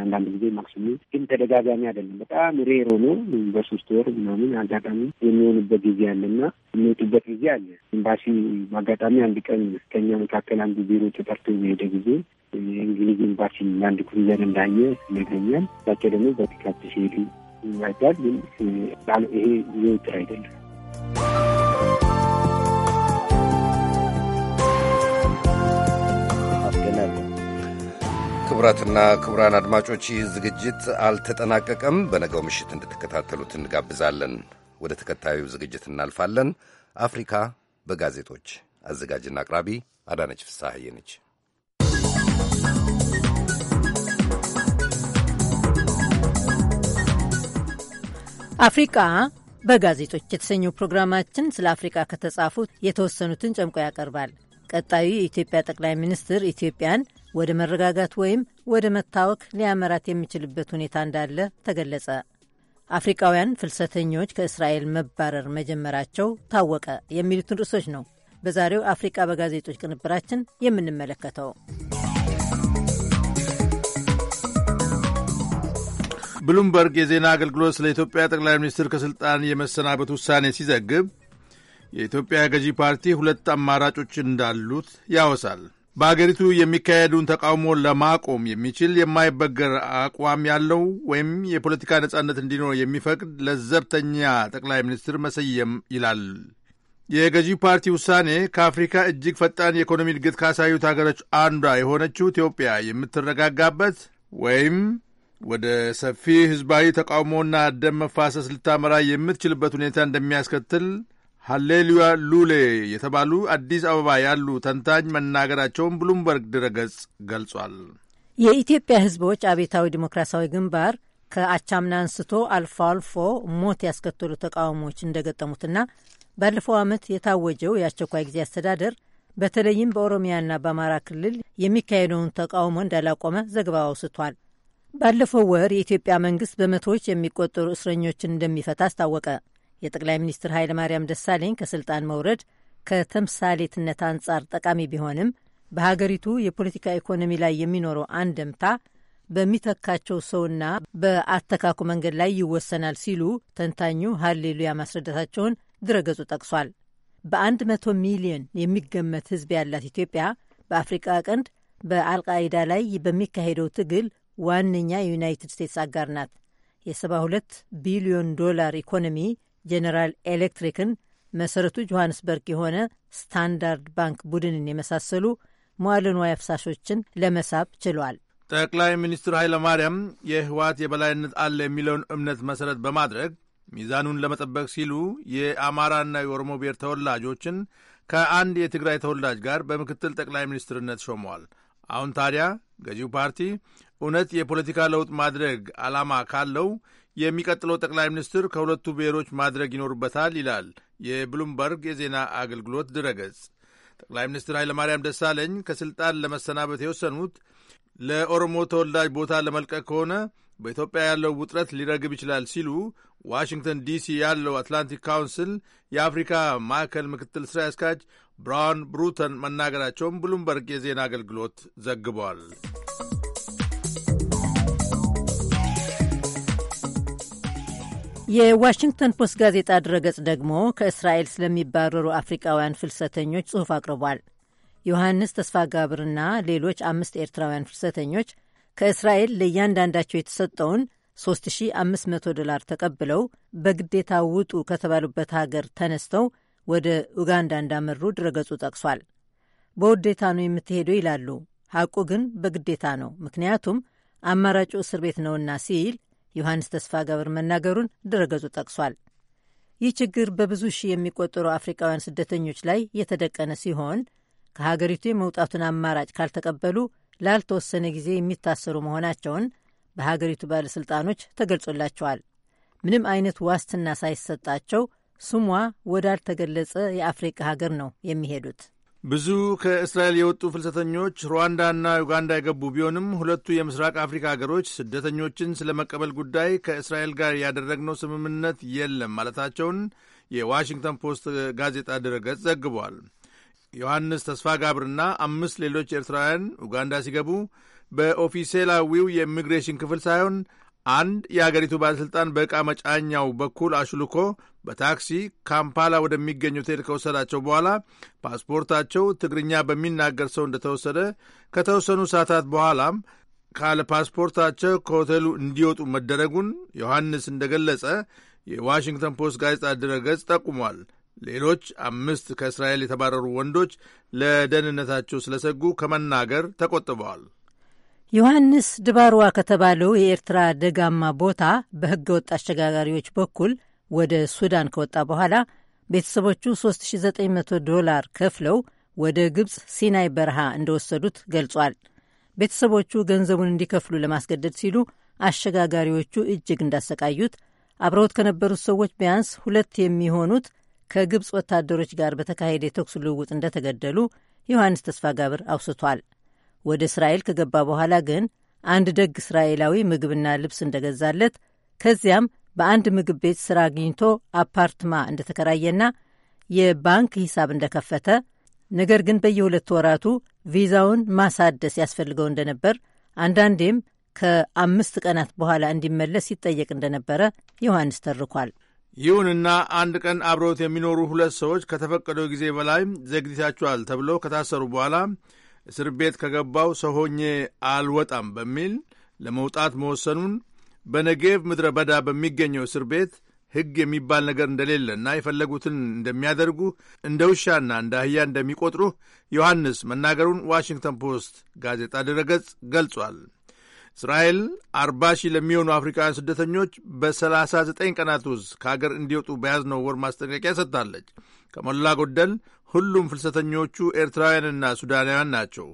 አንዳንድ ጊዜ ማክሲሙ ግን ተደጋጋሚ አይደለም። በጣም ሬሮ ነው። በሶስት ወር ምናምን አጋጣሚ የሚሆኑበት ጊዜ አለ እና የሚወጡበት ጊዜ አለ። ኤምባሲ በአጋጣሚ አንድ ቀን ከኛ መካከል አንዱ ቢሮ ተጠርቶ የሄደ ጊዜ የእንግሊዝ ኤምባሲን አንድ ክሩዘር እንዳየ ይነግረኛል። እሳቸው ደግሞ በፒካፕ ሲሄዱ ይወዳል። ግን ይሄ የውትር አይደለም። ክቡራትና ክቡራን አድማጮች ይህ ዝግጅት አልተጠናቀቀም። በነገው ምሽት እንድትከታተሉት እንጋብዛለን። ወደ ተከታዩ ዝግጅት እናልፋለን። አፍሪካ በጋዜጦች አዘጋጅና አቅራቢ አዳነች ፍሳሐዬ ነች። አፍሪቃ በጋዜጦች የተሰኘው ፕሮግራማችን ስለ አፍሪቃ ከተጻፉት የተወሰኑትን ጨምቆ ያቀርባል። ቀጣዩ የኢትዮጵያ ጠቅላይ ሚኒስትር ኢትዮጵያን ወደ መረጋጋት ወይም ወደ መታወክ ሊያመራት የሚችልበት ሁኔታ እንዳለ ተገለጸ። አፍሪቃውያን ፍልሰተኞች ከእስራኤል መባረር መጀመራቸው ታወቀ። የሚሉትን ርዕሶች ነው በዛሬው አፍሪቃ በጋዜጦች ቅንብራችን የምንመለከተው። ብሉምበርግ የዜና አገልግሎት ስለ ኢትዮጵያ ጠቅላይ ሚኒስትር ከስልጣን የመሰናበት ውሳኔ ሲዘግብ የኢትዮጵያ ገዢ ፓርቲ ሁለት አማራጮች እንዳሉት ያወሳል። በአገሪቱ የሚካሄዱን ተቃውሞ ለማቆም የሚችል የማይበገር አቋም ያለው ወይም የፖለቲካ ነጻነት እንዲኖር የሚፈቅድ ለዘብተኛ ጠቅላይ ሚኒስትር መሰየም ይላል። የገዢ ፓርቲ ውሳኔ ከአፍሪካ እጅግ ፈጣን የኢኮኖሚ እድገት ካሳዩት አገሮች አንዷ የሆነችው ኢትዮጵያ የምትረጋጋበት ወይም ወደ ሰፊ ሕዝባዊ ተቃውሞና ደም መፋሰስ ልታመራ የምትችልበት ሁኔታ እንደሚያስከትል ሃሌሉያ ሉሌ የተባሉ አዲስ አበባ ያሉ ተንታኝ መናገራቸውን ብሉምበርግ ድረገጽ ገልጿል። የኢትዮጵያ ሕዝቦች አብዮታዊ ዲሞክራሲያዊ ግንባር ከአቻምና አንስቶ አልፎ አልፎ ሞት ያስከተሉ ተቃውሞዎች እንደገጠሙትና ባለፈው ዓመት የታወጀው የአስቸኳይ ጊዜ አስተዳደር በተለይም በኦሮሚያና በአማራ ክልል የሚካሄደውን ተቃውሞ እንዳላቆመ ዘገባው አውስቷል። ባለፈው ወር የኢትዮጵያ መንግስት በመቶዎች የሚቆጠሩ እስረኞችን እንደሚፈታ አስታወቀ። የጠቅላይ ሚኒስትር ኃይለ ማርያም ደሳለኝ ከስልጣን መውረድ ከተምሳሌትነት አንጻር ጠቃሚ ቢሆንም በሀገሪቱ የፖለቲካ ኢኮኖሚ ላይ የሚኖረው አንደምታ በሚተካቸው ሰውና በአተካኩ መንገድ ላይ ይወሰናል ሲሉ ተንታኙ ሀሌሉያ ማስረዳታቸውን ድረገጹ ጠቅሷል። በአንድ መቶ ሚሊዮን የሚገመት ህዝብ ያላት ኢትዮጵያ በአፍሪቃ ቀንድ በአልቃይዳ ላይ በሚካሄደው ትግል ዋነኛ የዩናይትድ ስቴትስ አጋር ናት። የ72 ቢሊዮን ዶላር ኢኮኖሚ ጄኔራል ኤሌክትሪክን፣ መሰረቱ ጆሃንስበርግ የሆነ ስታንዳርድ ባንክ ቡድንን የመሳሰሉ መዋለ ንዋይ አፍሳሾችን ለመሳብ ችሏል። ጠቅላይ ሚኒስትር ኃይለ ማርያም የህወሓት የበላይነት አለ የሚለውን እምነት መሰረት በማድረግ ሚዛኑን ለመጠበቅ ሲሉ የአማራና የኦሮሞ ብሔር ተወላጆችን ከአንድ የትግራይ ተወላጅ ጋር በምክትል ጠቅላይ ሚኒስትርነት ሾመዋል። አሁን ታዲያ ገዢው ፓርቲ እውነት የፖለቲካ ለውጥ ማድረግ ዓላማ ካለው የሚቀጥለው ጠቅላይ ሚኒስትር ከሁለቱ ብሔሮች ማድረግ ይኖርበታል ይላል የብሉምበርግ የዜና አገልግሎት ድረገጽ። ጠቅላይ ሚኒስትር ኃይለማርያም ደሳለኝ ከሥልጣን ለመሰናበት የወሰኑት ለኦሮሞ ተወላጅ ቦታ ለመልቀቅ ከሆነ በኢትዮጵያ ያለው ውጥረት ሊረግብ ይችላል ሲሉ ዋሽንግተን ዲሲ ያለው አትላንቲክ ካውንስል የአፍሪካ ማዕከል ምክትል ስራ አስኪያጅ ብራውን ብሩተን መናገራቸውን ብሉምበርግ የዜና አገልግሎት ዘግቧል። የዋሽንግተን ፖስት ጋዜጣ ድረገጽ ደግሞ ከእስራኤል ስለሚባረሩ አፍሪቃውያን ፍልሰተኞች ጽሑፍ አቅርቧል። ዮሐንስ ተስፋ ጋብርና ሌሎች አምስት ኤርትራውያን ፍልሰተኞች ከእስራኤል ለእያንዳንዳቸው የተሰጠውን 3500 ዶላር ተቀብለው በግዴታ ውጡ ከተባሉበት ሀገር ተነስተው ወደ ኡጋንዳ እንዳመሩ ድረገጹ ጠቅሷል። በውዴታ ነው የምትሄደው ይላሉ። ሐቁ ግን በግዴታ ነው፣ ምክንያቱም አማራጩ እስር ቤት ነውና ሲል ዮሐንስ ተስፋ ገብር መናገሩን ድረገጹ ጠቅሷል። ይህ ችግር በብዙ ሺህ የሚቆጠሩ አፍሪካውያን ስደተኞች ላይ የተደቀነ ሲሆን ከሀገሪቱ የመውጣቱን አማራጭ ካልተቀበሉ ላልተወሰነ ጊዜ የሚታሰሩ መሆናቸውን በሀገሪቱ ባለሥልጣኖች ተገልጾላቸዋል። ምንም አይነት ዋስትና ሳይሰጣቸው ስሟ ወዳልተገለጸ የአፍሪቃ ሀገር ነው የሚሄዱት። ብዙ ከእስራኤል የወጡ ፍልሰተኞች ሩዋንዳና ዩጋንዳ የገቡ ቢሆንም ሁለቱ የምስራቅ አፍሪካ ሀገሮች ስደተኞችን ስለ መቀበል ጉዳይ ከእስራኤል ጋር ያደረግነው ስምምነት የለም ማለታቸውን የዋሽንግተን ፖስት ጋዜጣ ድረገጽ ዘግቧል። ዮሐንስ ተስፋ ጋብርና አምስት ሌሎች ኤርትራውያን ኡጋንዳ ሲገቡ በኦፊሴላዊው የኢሚግሬሽን ክፍል ሳይሆን አንድ የአገሪቱ ባለሥልጣን በዕቃ መጫኛው በኩል አሽልኮ በታክሲ ካምፓላ ወደሚገኝ ሆቴል ከወሰዳቸው በኋላ ፓስፖርታቸው ትግርኛ በሚናገር ሰው እንደተወሰደ ከተወሰኑ ሰዓታት በኋላም ካለ ፓስፖርታቸው ከሆቴሉ እንዲወጡ መደረጉን ዮሐንስ እንደገለጸ የዋሽንግተን ፖስት ጋዜጣ ድረገጽ ጠቁሟል። ሌሎች አምስት ከእስራኤል የተባረሩ ወንዶች ለደህንነታቸው ስለሰጉ ከመናገር ተቆጥበዋል። ዮሐንስ ድባርዋ ከተባለው የኤርትራ ደጋማ ቦታ በሕገ ወጥ አሸጋጋሪዎች በኩል ወደ ሱዳን ከወጣ በኋላ ቤተሰቦቹ 3900 ዶላር ከፍለው ወደ ግብፅ ሲናይ በረሃ እንደወሰዱት ገልጿል። ቤተሰቦቹ ገንዘቡን እንዲከፍሉ ለማስገደድ ሲሉ አሸጋጋሪዎቹ እጅግ እንዳሰቃዩት፣ አብረውት ከነበሩት ሰዎች ቢያንስ ሁለት የሚሆኑት ከግብፅ ወታደሮች ጋር በተካሄደ የተኩስ ልውውጥ እንደተገደሉ ዮሐንስ ተስፋ ጋብር አውስቷል። ወደ እስራኤል ከገባ በኋላ ግን አንድ ደግ እስራኤላዊ ምግብና ልብስ እንደገዛለት ከዚያም በአንድ ምግብ ቤት ስራ አግኝቶ አፓርትማ እንደተከራየና የባንክ ሂሳብ እንደከፈተ ነገር ግን በየሁለት ወራቱ ቪዛውን ማሳደስ ያስፈልገው እንደነበር አንዳንዴም ከአምስት ቀናት በኋላ እንዲመለስ ይጠየቅ እንደነበረ ዮሐንስ ተርኳል። ይሁንና አንድ ቀን አብረውት የሚኖሩ ሁለት ሰዎች ከተፈቀደው ጊዜ በላይ ዘግይታችኋል ተብለው ከታሰሩ በኋላ እስር ቤት ከገባው ሰው ሆኜ አልወጣም በሚል ለመውጣት መወሰኑን በነጌቭ ምድረ በዳ በሚገኘው እስር ቤት ሕግ የሚባል ነገር እንደሌለና የፈለጉትን እንደሚያደርጉ እንደ ውሻና እንደ አህያ እንደሚቆጥሩ ዮሐንስ መናገሩን ዋሽንግተን ፖስት ጋዜጣ ድረገጽ ገልጿል። እስራኤል አርባ ሺህ ለሚሆኑ አፍሪካውያን ስደተኞች በሰላሳ ዘጠኝ ቀናት ውስጥ ከአገር እንዲወጡ በያዝነው ወር ማስጠንቀቂያ ሰጥታለች። ከሞላ ጎደል ሁሉም ፍልሰተኞቹ ኤርትራውያንና ሱዳናውያን ናቸው።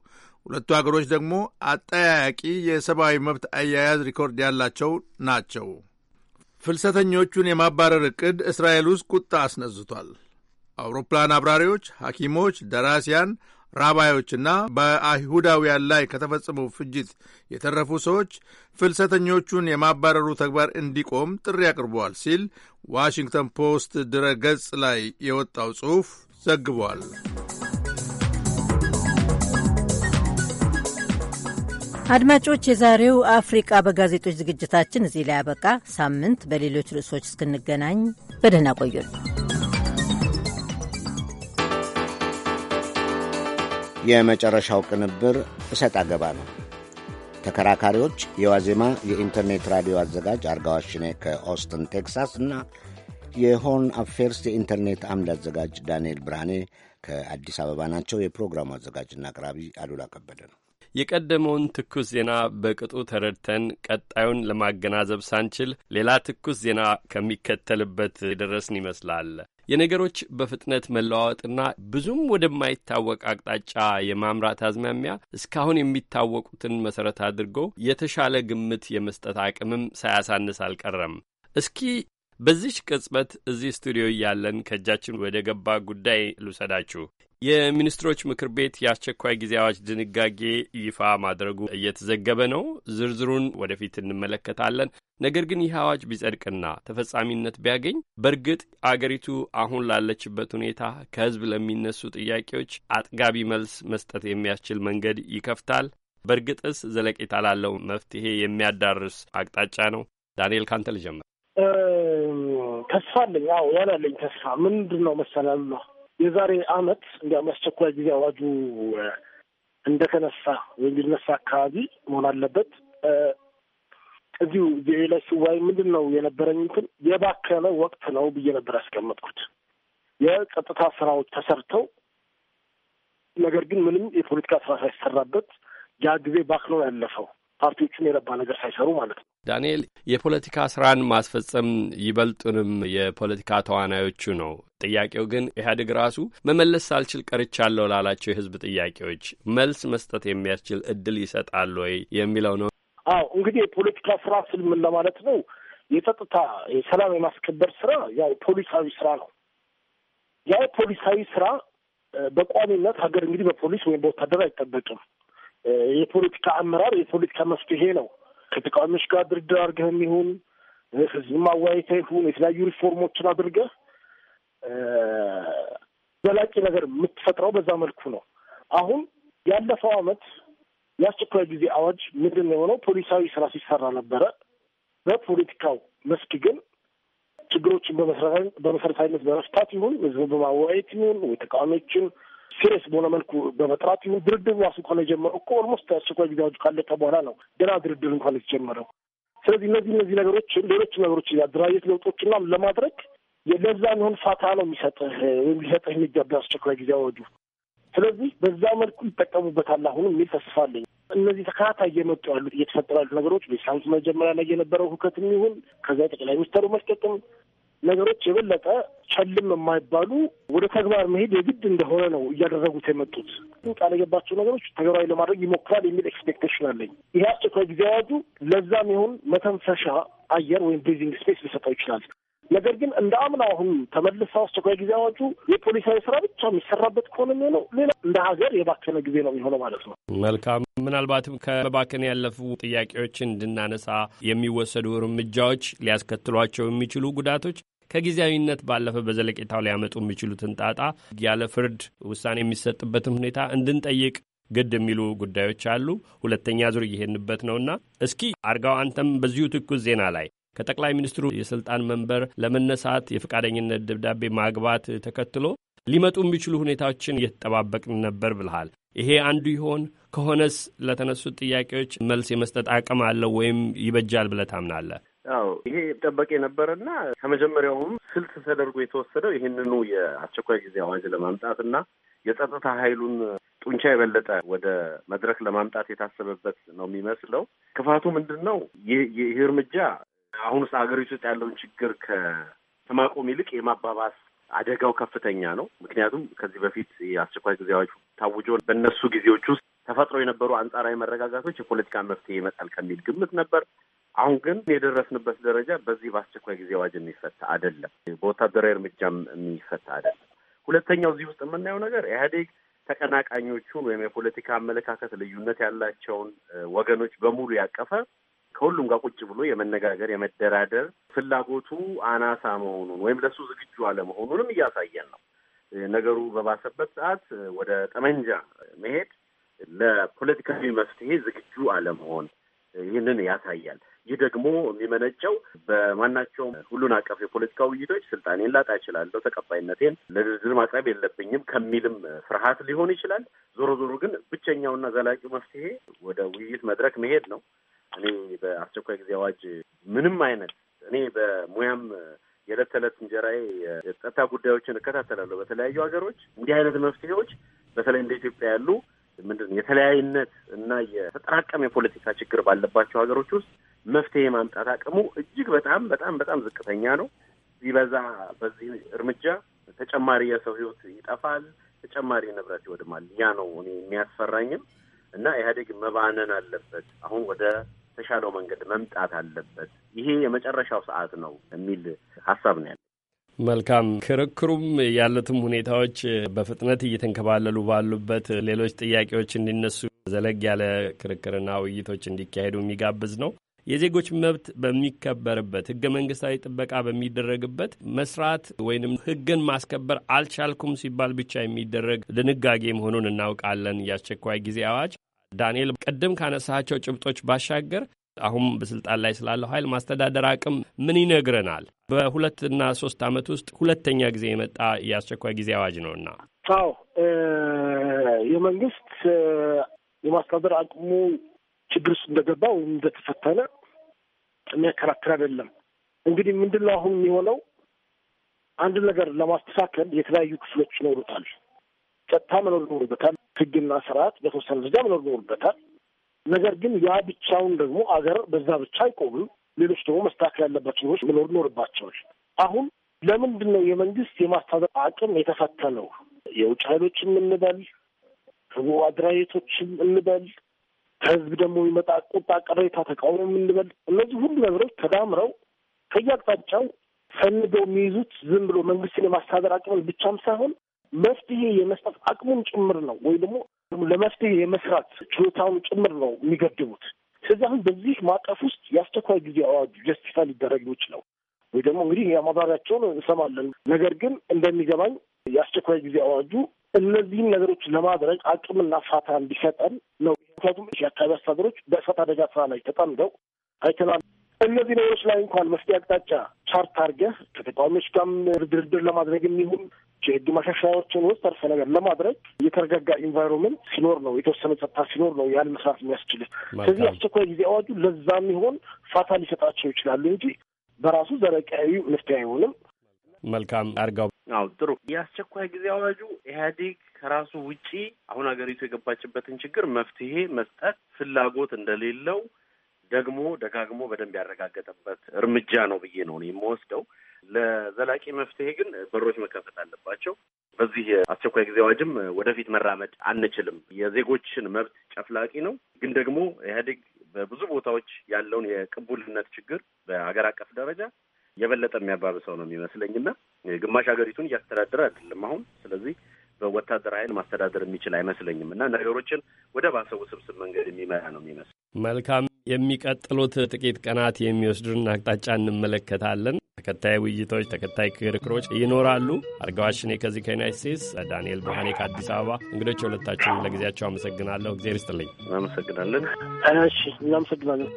ሁለቱ አገሮች ደግሞ አጠያያቂ የሰብአዊ መብት አያያዝ ሪኮርድ ያላቸው ናቸው። ፍልሰተኞቹን የማባረር ዕቅድ እስራኤል ውስጥ ቁጣ አስነዝቷል። አውሮፕላን አብራሪዎች፣ ሐኪሞች፣ ደራሲያን፣ ራባዮችና በአይሁዳውያን ላይ ከተፈጸመው ፍጅት የተረፉ ሰዎች ፍልሰተኞቹን የማባረሩ ተግባር እንዲቆም ጥሪ አቅርበዋል ሲል ዋሽንግተን ፖስት ድረ ገጽ ላይ የወጣው ጽሑፍ ዘግቧል። አድማጮች፣ የዛሬው አፍሪቃ በጋዜጦች ዝግጅታችን እዚህ ላይ ያበቃ። ሳምንት በሌሎች ርዕሶች እስክንገናኝ በደህና ቆዩን። የመጨረሻው ቅንብር እሰጥ አገባ ነው። ተከራካሪዎች የዋዜማ የኢንተርኔት ራዲዮ አዘጋጅ አርጋዋሽኔ ከኦስትን ቴክሳስ እና የሆን አፌርስ የኢንተርኔት አምድ አዘጋጅ ዳንኤል ብርሃኔ ከአዲስ አበባ ናቸው። የፕሮግራሙ አዘጋጅና አቅራቢ አሉላ ከበደ ነው። የቀደመውን ትኩስ ዜና በቅጡ ተረድተን ቀጣዩን ለማገናዘብ ሳንችል ሌላ ትኩስ ዜና ከሚከተልበት የደረስን ይመስላል። የነገሮች በፍጥነት መለዋወጥና ብዙም ወደማይታወቅ አቅጣጫ የማምራት አዝማሚያ እስካሁን የሚታወቁትን መሠረት አድርጎ የተሻለ ግምት የመስጠት አቅምም ሳያሳንስ አልቀረም። እስኪ በዚች ቅጽበት እዚህ ስቱዲዮ እያለን ከእጃችን ወደ ገባ ጉዳይ ልውሰዳችሁ። የሚኒስትሮች ምክር ቤት የአስቸኳይ ጊዜ አዋጅ ድንጋጌ ይፋ ማድረጉ እየተዘገበ ነው። ዝርዝሩን ወደፊት እንመለከታለን። ነገር ግን ይህ አዋጅ ቢጸድቅና ተፈጻሚነት ቢያገኝ በእርግጥ አገሪቱ አሁን ላለችበት ሁኔታ ከህዝብ ለሚነሱ ጥያቄዎች አጥጋቢ መልስ መስጠት የሚያስችል መንገድ ይከፍታል። በእርግጥስ ዘለቄታ ላለው መፍትሄ የሚያዳርስ አቅጣጫ ነው። ዳንኤል ካንተ ልጀምር። ተስፋ አለኝ። አዎ ያላለኝ ተስፋ ምንድን ነው መሰላል የዛሬ አመት እንዲያውም አስቸኳይ ጊዜ አዋጁ እንደተነሳ ወይም ቢነሳ አካባቢ መሆን አለበት። እዚሁ ቪኦኤ ላይ ስዋይ ምንድን ነው የነበረኝ እንትን የባከነ ወቅት ነው ብዬ ነበር ያስቀመጥኩት። የጸጥታ ስራዎች ተሰርተው ነገር ግን ምንም የፖለቲካ ስራ ሳይሰራበት ያ ጊዜ ባክኖ ያለፈው ፓርቲዎቹን የረባ ነገር ሳይሰሩ ማለት ነው። ዳንኤል፣ የፖለቲካ ስራን ማስፈጸም ይበልጡንም የፖለቲካ ተዋናዮቹ ነው። ጥያቄው ግን ኢህአዴግ ራሱ መመለስ ሳልችል ቀርቻለሁ ላላቸው የህዝብ ጥያቄዎች መልስ መስጠት የሚያስችል እድል ይሰጣል ወይ የሚለው ነው። አዎ እንግዲህ የፖለቲካ ስራ ስል ምን ለማለት ነው? የጸጥታ የሰላም የማስከበር ስራ ያው ፖሊሳዊ ስራ ነው። ያው ፖሊሳዊ ስራ በቋሚነት ሀገር እንግዲህ በፖሊስ ወይም በወታደር አይጠበቅም። የፖለቲካ አመራር የፖለቲካ መፍትሄ ነው። ከተቃዋሚዎች ጋር ድርድር አድርገህ ይሁን ህዝብ አወያይተህ ይሁን የተለያዩ ሪፎርሞችን አድርገህ ዘላቂ ነገር የምትፈጥረው በዛ መልኩ ነው። አሁን ያለፈው አመት የአስቸኳይ ጊዜ አዋጅ ምንድን የሆነው ፖሊሳዊ ስራ ሲሰራ ነበረ። በፖለቲካው መስክ ግን ችግሮችን በመሰረታዊነት በመፍታት ይሁን ህዝብ በማወያየት ይሁን ወይ ተቃዋሚዎችን ሲሪየስ በሆነ መልኩ በመጥራት ይሁን ድርድር ራሱ እንኳን የጀመረው እኮ ኦልሞስት አስቸኳይ ጊዜ አዋጁ ካለቀ በኋላ ነው ገና ድርድር እንኳን የተጀመረው። ስለዚህ እነዚህ እነዚህ ነገሮች ሌሎች ነገሮች አደራጀት ለውጦችና ለማድረግ ለዛ የሚሆን ፋታ ነው የሚሰጥህ ወይም ሊሰጥህ የሚገባ አስቸኳይ ጊዜ አዋጁ። ስለዚህ በዛ መልኩ ይጠቀሙበታል አሁን የሚል ተስፋ አለኝ። እነዚህ ተከታታይ እየመጡ ያሉት እየተፈጠሩ ያሉት ነገሮች ቤሳንስ መጀመሪያ ላይ የነበረው ሁከት የሚሆን ከዚያ ጠቅላይ ሚኒስተሩ መስጠቅም ነገሮች የበለጠ ቸልም የማይባሉ ወደ ተግባር መሄድ የግድ እንደሆነ ነው እያደረጉት የመጡት። ቃል የገባቸው ነገሮች ተግባራዊ ለማድረግ ይሞክራል የሚል ኤክስፔክቴሽን አለኝ። ይህ አስቸኳይ ጊዜ አዋጁ ለዛም ይሁን መተንፈሻ አየር ወይም ብሪዚንግ ስፔስ ሊሰጠው ይችላል። ነገር ግን እንደ አምና አሁን ተመልሶ አስቸኳይ ጊዜ አዋጁ የፖሊሳዊ ስራ ብቻ የሚሰራበት ከሆነ የሚሆነው ሌላ እንደ ሀገር የባከነ ጊዜ ነው የሚሆነው ማለት ነው። መልካም። ምናልባትም ከመባከን ያለፉ ጥያቄዎችን እንድናነሳ የሚወሰዱ እርምጃዎች ሊያስከትሏቸው የሚችሉ ጉዳቶች ከጊዜያዊነት ባለፈ በዘለቄታው ሊያመጡ የሚችሉትን ጣጣ ያለ ፍርድ ውሳኔ የሚሰጥበትን ሁኔታ እንድንጠይቅ ግድ የሚሉ ጉዳዮች አሉ። ሁለተኛ ዙር እየሄድንበት ነውና እስኪ አርጋው አንተም በዚሁ ትኩስ ዜና ላይ ከጠቅላይ ሚኒስትሩ የስልጣን መንበር ለመነሳት የፈቃደኝነት ደብዳቤ ማግባት ተከትሎ ሊመጡ የሚችሉ ሁኔታዎችን እየተጠባበቅን ነበር ብልሃል። ይሄ አንዱ ይሆን ከሆነስ ለተነሱት ጥያቄዎች መልስ የመስጠት አቅም አለው ወይም ይበጃል ብለህ ታምናለህ? አዎ ይሄ ጠበቅ የነበረና ከመጀመሪያውም ስልት ተደርጎ የተወሰደው ይህንኑ የአስቸኳይ ጊዜ አዋጅ ለማምጣት እና የጸጥታ ኃይሉን ጡንቻ የበለጠ ወደ መድረክ ለማምጣት የታሰበበት ነው የሚመስለው። ክፋቱ ምንድን ነው? ይህ እርምጃ አሁን ውስጥ ሀገሪቱ ውስጥ ያለውን ችግር ከማቆም ይልቅ የማባባስ አደጋው ከፍተኛ ነው። ምክንያቱም ከዚህ በፊት የአስቸኳይ ጊዜ አዋጁ ታውጆ በእነሱ ጊዜዎች ውስጥ ተፈጥሮ የነበሩ አንጻራዊ መረጋጋቶች የፖለቲካ መፍትሄ ይመጣል ከሚል ግምት ነበር። አሁን ግን የደረስንበት ደረጃ በዚህ በአስቸኳይ ጊዜ አዋጅ የሚፈታ አይደለም፣ በወታደራዊ እርምጃም የሚፈታ አይደለም። ሁለተኛው እዚህ ውስጥ የምናየው ነገር ኢህአዴግ ተቀናቃኞቹን ወይም የፖለቲካ አመለካከት ልዩነት ያላቸውን ወገኖች በሙሉ ያቀፈ ከሁሉም ጋር ቁጭ ብሎ የመነጋገር የመደራደር ፍላጎቱ አናሳ መሆኑን ወይም ለሱ ዝግጁ አለመሆኑንም እያሳየን ነው። ነገሩ በባሰበት ሰዓት ወደ ጠመንጃ መሄድ ለፖለቲካዊ መፍትሄ ዝግጁ አለመሆን ይህንን ያሳያል። ይህ ደግሞ የሚመነጨው በማናቸውም ሁሉን አቀፍ የፖለቲካ ውይይቶች ስልጣኔን ላጣ እችላለሁ፣ ተቀባይነቴን ለድርድር ማቅረብ የለብኝም ከሚልም ፍርሃት ሊሆን ይችላል። ዞሮ ዞሮ ግን ብቸኛውና ዘላቂው መፍትሄ ወደ ውይይት መድረክ መሄድ ነው። እኔ በአስቸኳይ ጊዜ አዋጅ ምንም አይነት እኔ በሙያም የዕለት ተዕለት እንጀራዬ የጸጥታ ጉዳዮችን እከታተላለሁ። በተለያዩ ሀገሮች እንዲህ አይነት መፍትሄዎች በተለይ እንደ ኢትዮጵያ ያሉ ምንድን የተለያይነት እና የተጠራቀመ የፖለቲካ ችግር ባለባቸው ሀገሮች ውስጥ መፍትሄ ማምጣት አቅሙ እጅግ በጣም በጣም በጣም ዝቅተኛ ነው። ይበዛ በዚህ እርምጃ ተጨማሪ የሰው ህይወት ይጠፋል፣ ተጨማሪ ንብረት ይወድማል። ያ ነው እኔ የሚያስፈራኝም እና ኢህአዴግ መባነን አለበት። አሁን ወደ ተሻለው መንገድ መምጣት አለበት። ይሄ የመጨረሻው ሰዓት ነው የሚል ሀሳብ ነው ያለ። መልካም ክርክሩም ያሉትም ሁኔታዎች በፍጥነት እየተንከባለሉ ባሉበት ሌሎች ጥያቄዎች እንዲነሱ ዘለግ ያለ ክርክርና ውይይቶች እንዲካሄዱ የሚጋብዝ ነው። የዜጎች መብት በሚከበርበት ህገ መንግስታዊ ጥበቃ በሚደረግበት መስራት ወይንም ህግን ማስከበር አልቻልኩም ሲባል ብቻ የሚደረግ ድንጋጌ መሆኑን እናውቃለን። የአስቸኳይ ጊዜ አዋጅ ዳንኤል፣ ቀደም ካነሳቸው ጭብጦች ባሻገር አሁን በስልጣን ላይ ስላለው ኃይል ማስተዳደር አቅም ምን ይነግረናል? በሁለትና ሶስት ዓመት ውስጥ ሁለተኛ ጊዜ የመጣ የአስቸኳይ ጊዜ አዋጅ ነውና። አዎ የመንግስት የማስተዳደር አቅሙ ችግር ውስጥ እንደገባ ወይም እንደተፈተነ የሚያከራክር አይደለም። እንግዲህ ምንድን ነው አሁን የሚሆነው? አንድ ነገር ለማስተካከል የተለያዩ ክፍሎች ይኖሩታል። ጸጥታ መኖር ይኖርበታል። ህግና ስርዓት በተወሰነ ደረጃ መኖር ይኖርበታል። ነገር ግን ያ ብቻውን ደግሞ አገር በዛ ብቻ አይቆምም። ሌሎች ደግሞ መስተካከል ያለባቸው ነገሮች መኖር ይኖርባቸዋል። አሁን ለምንድን ነው የመንግስት የማስተዳደር አቅም የተፈተነው? የውጭ ኃይሎችም እንበል ህቡ አድራየቶችም እንበል ከህዝብ ደግሞ የሚመጣ ቁጣ፣ ቅሬታ፣ ተቃውሞ የምንበል እነዚህ ሁሉ ነገሮች ተዳምረው ከየአቅጣጫው ፈንገው የሚይዙት ዝም ብሎ መንግስትን የማስተዳደር አቅምን ብቻም ሳይሆን መፍትሄ የመስጠት አቅሙን ጭምር ነው ወይ ደግሞ ለመፍትሄ የመስራት ችሎታውን ጭምር ነው የሚገድቡት። ስለዚህ አሁን በዚህ ማዕቀፍ ውስጥ የአስቸኳይ ጊዜ አዋጁ ጀስቲፋይ ሊደረግ የሚችለው ወይ ደግሞ እንግዲህ ማብራሪያቸውን እንሰማለን። ነገር ግን እንደሚገባኝ የአስቸኳይ ጊዜ አዋጁ እነዚህን ነገሮች ለማድረግ አቅምና ፋታ እንዲሰጠን ነው። ምክንያቱም የአካባቢ አስተዳደሮች በእሳት አደጋ ስራ ላይ ተጠምደው አይተናል። እነዚህ ነገሮች ላይ እንኳን መፍትሄ አቅጣጫ ቻርት አድርገህ ከተቃዋሚዎች ጋርም ድርድር ለማድረግ የሚሆን የህግ ማሻሻያዎችን ውስጥ ተርፈ ነገር ለማድረግ የተረጋጋ ኢንቫይሮንመንት ሲኖር ነው የተወሰነ ጸጥታ ሲኖር ነው ያን መስራት የሚያስችል። ስለዚህ አስቸኳይ ጊዜ አዋጁ ለዛ የሚሆን ፋታ ሊሰጣቸው ይችላሉ እንጂ በራሱ ዘረቀያዊ መፍትሄ አይሆንም። መልካም አርጋው አዎ ጥሩ። የአስቸኳይ ጊዜ አዋጁ ኢህአዴግ ከራሱ ውጪ አሁን ሀገሪቱ የገባችበትን ችግር መፍትሄ መስጠት ፍላጎት እንደሌለው ደግሞ ደጋግሞ በደንብ ያረጋገጠበት እርምጃ ነው ብዬ ነው የምወስደው። ለዘላቂ መፍትሄ ግን በሮች መከፈት አለባቸው። በዚህ አስቸኳይ ጊዜ አዋጅም ወደፊት መራመድ አንችልም። የዜጎችን መብት ጨፍላቂ ነው። ግን ደግሞ ኢህአዴግ በብዙ ቦታዎች ያለውን የቅቡልነት ችግር በሀገር አቀፍ ደረጃ የበለጠ የሚያባብሰው ነው የሚመስለኝ የሚመስለኝና ግማሽ ሀገሪቱን እያስተዳደረ አይደለም አሁን። ስለዚህ በወታደር ኃይል ማስተዳደር የሚችል አይመስለኝም እና ነገሮችን ወደ ባሰ ውስብስብ መንገድ የሚመራ ነው የሚመስል። መልካም፣ የሚቀጥሉት ጥቂት ቀናት የሚወስዱን አቅጣጫ እንመለከታለን። ተከታይ ውይይቶች፣ ተከታይ ክርክሮች ይኖራሉ። አርጋዋሽኔ ከዚህ ከዩናይት ስቴትስ፣ ዳንኤል ብርሃኔ ከአዲስ አበባ እንግዶች፣ የሁለታችን ለጊዜያቸው አመሰግናለሁ። እግዜር ይስጥልኝ። እናመሰግናለን። እሺ፣ እናመሰግናለን።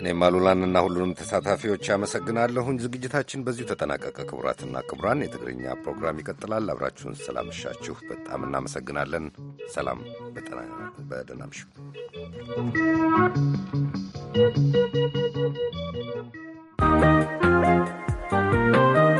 እኔም አሉላንና ሁሉንም ተሳታፊዎች አመሰግናለሁኝ። ዝግጅታችን በዚሁ ተጠናቀቀ። ክቡራትና ክቡራን፣ የትግርኛ ፕሮግራም ይቀጥላል። አብራችሁን ስላመሻችሁ በጣም እናመሰግናለን። ሰላም፣ በደህና እምሹ። Thank you.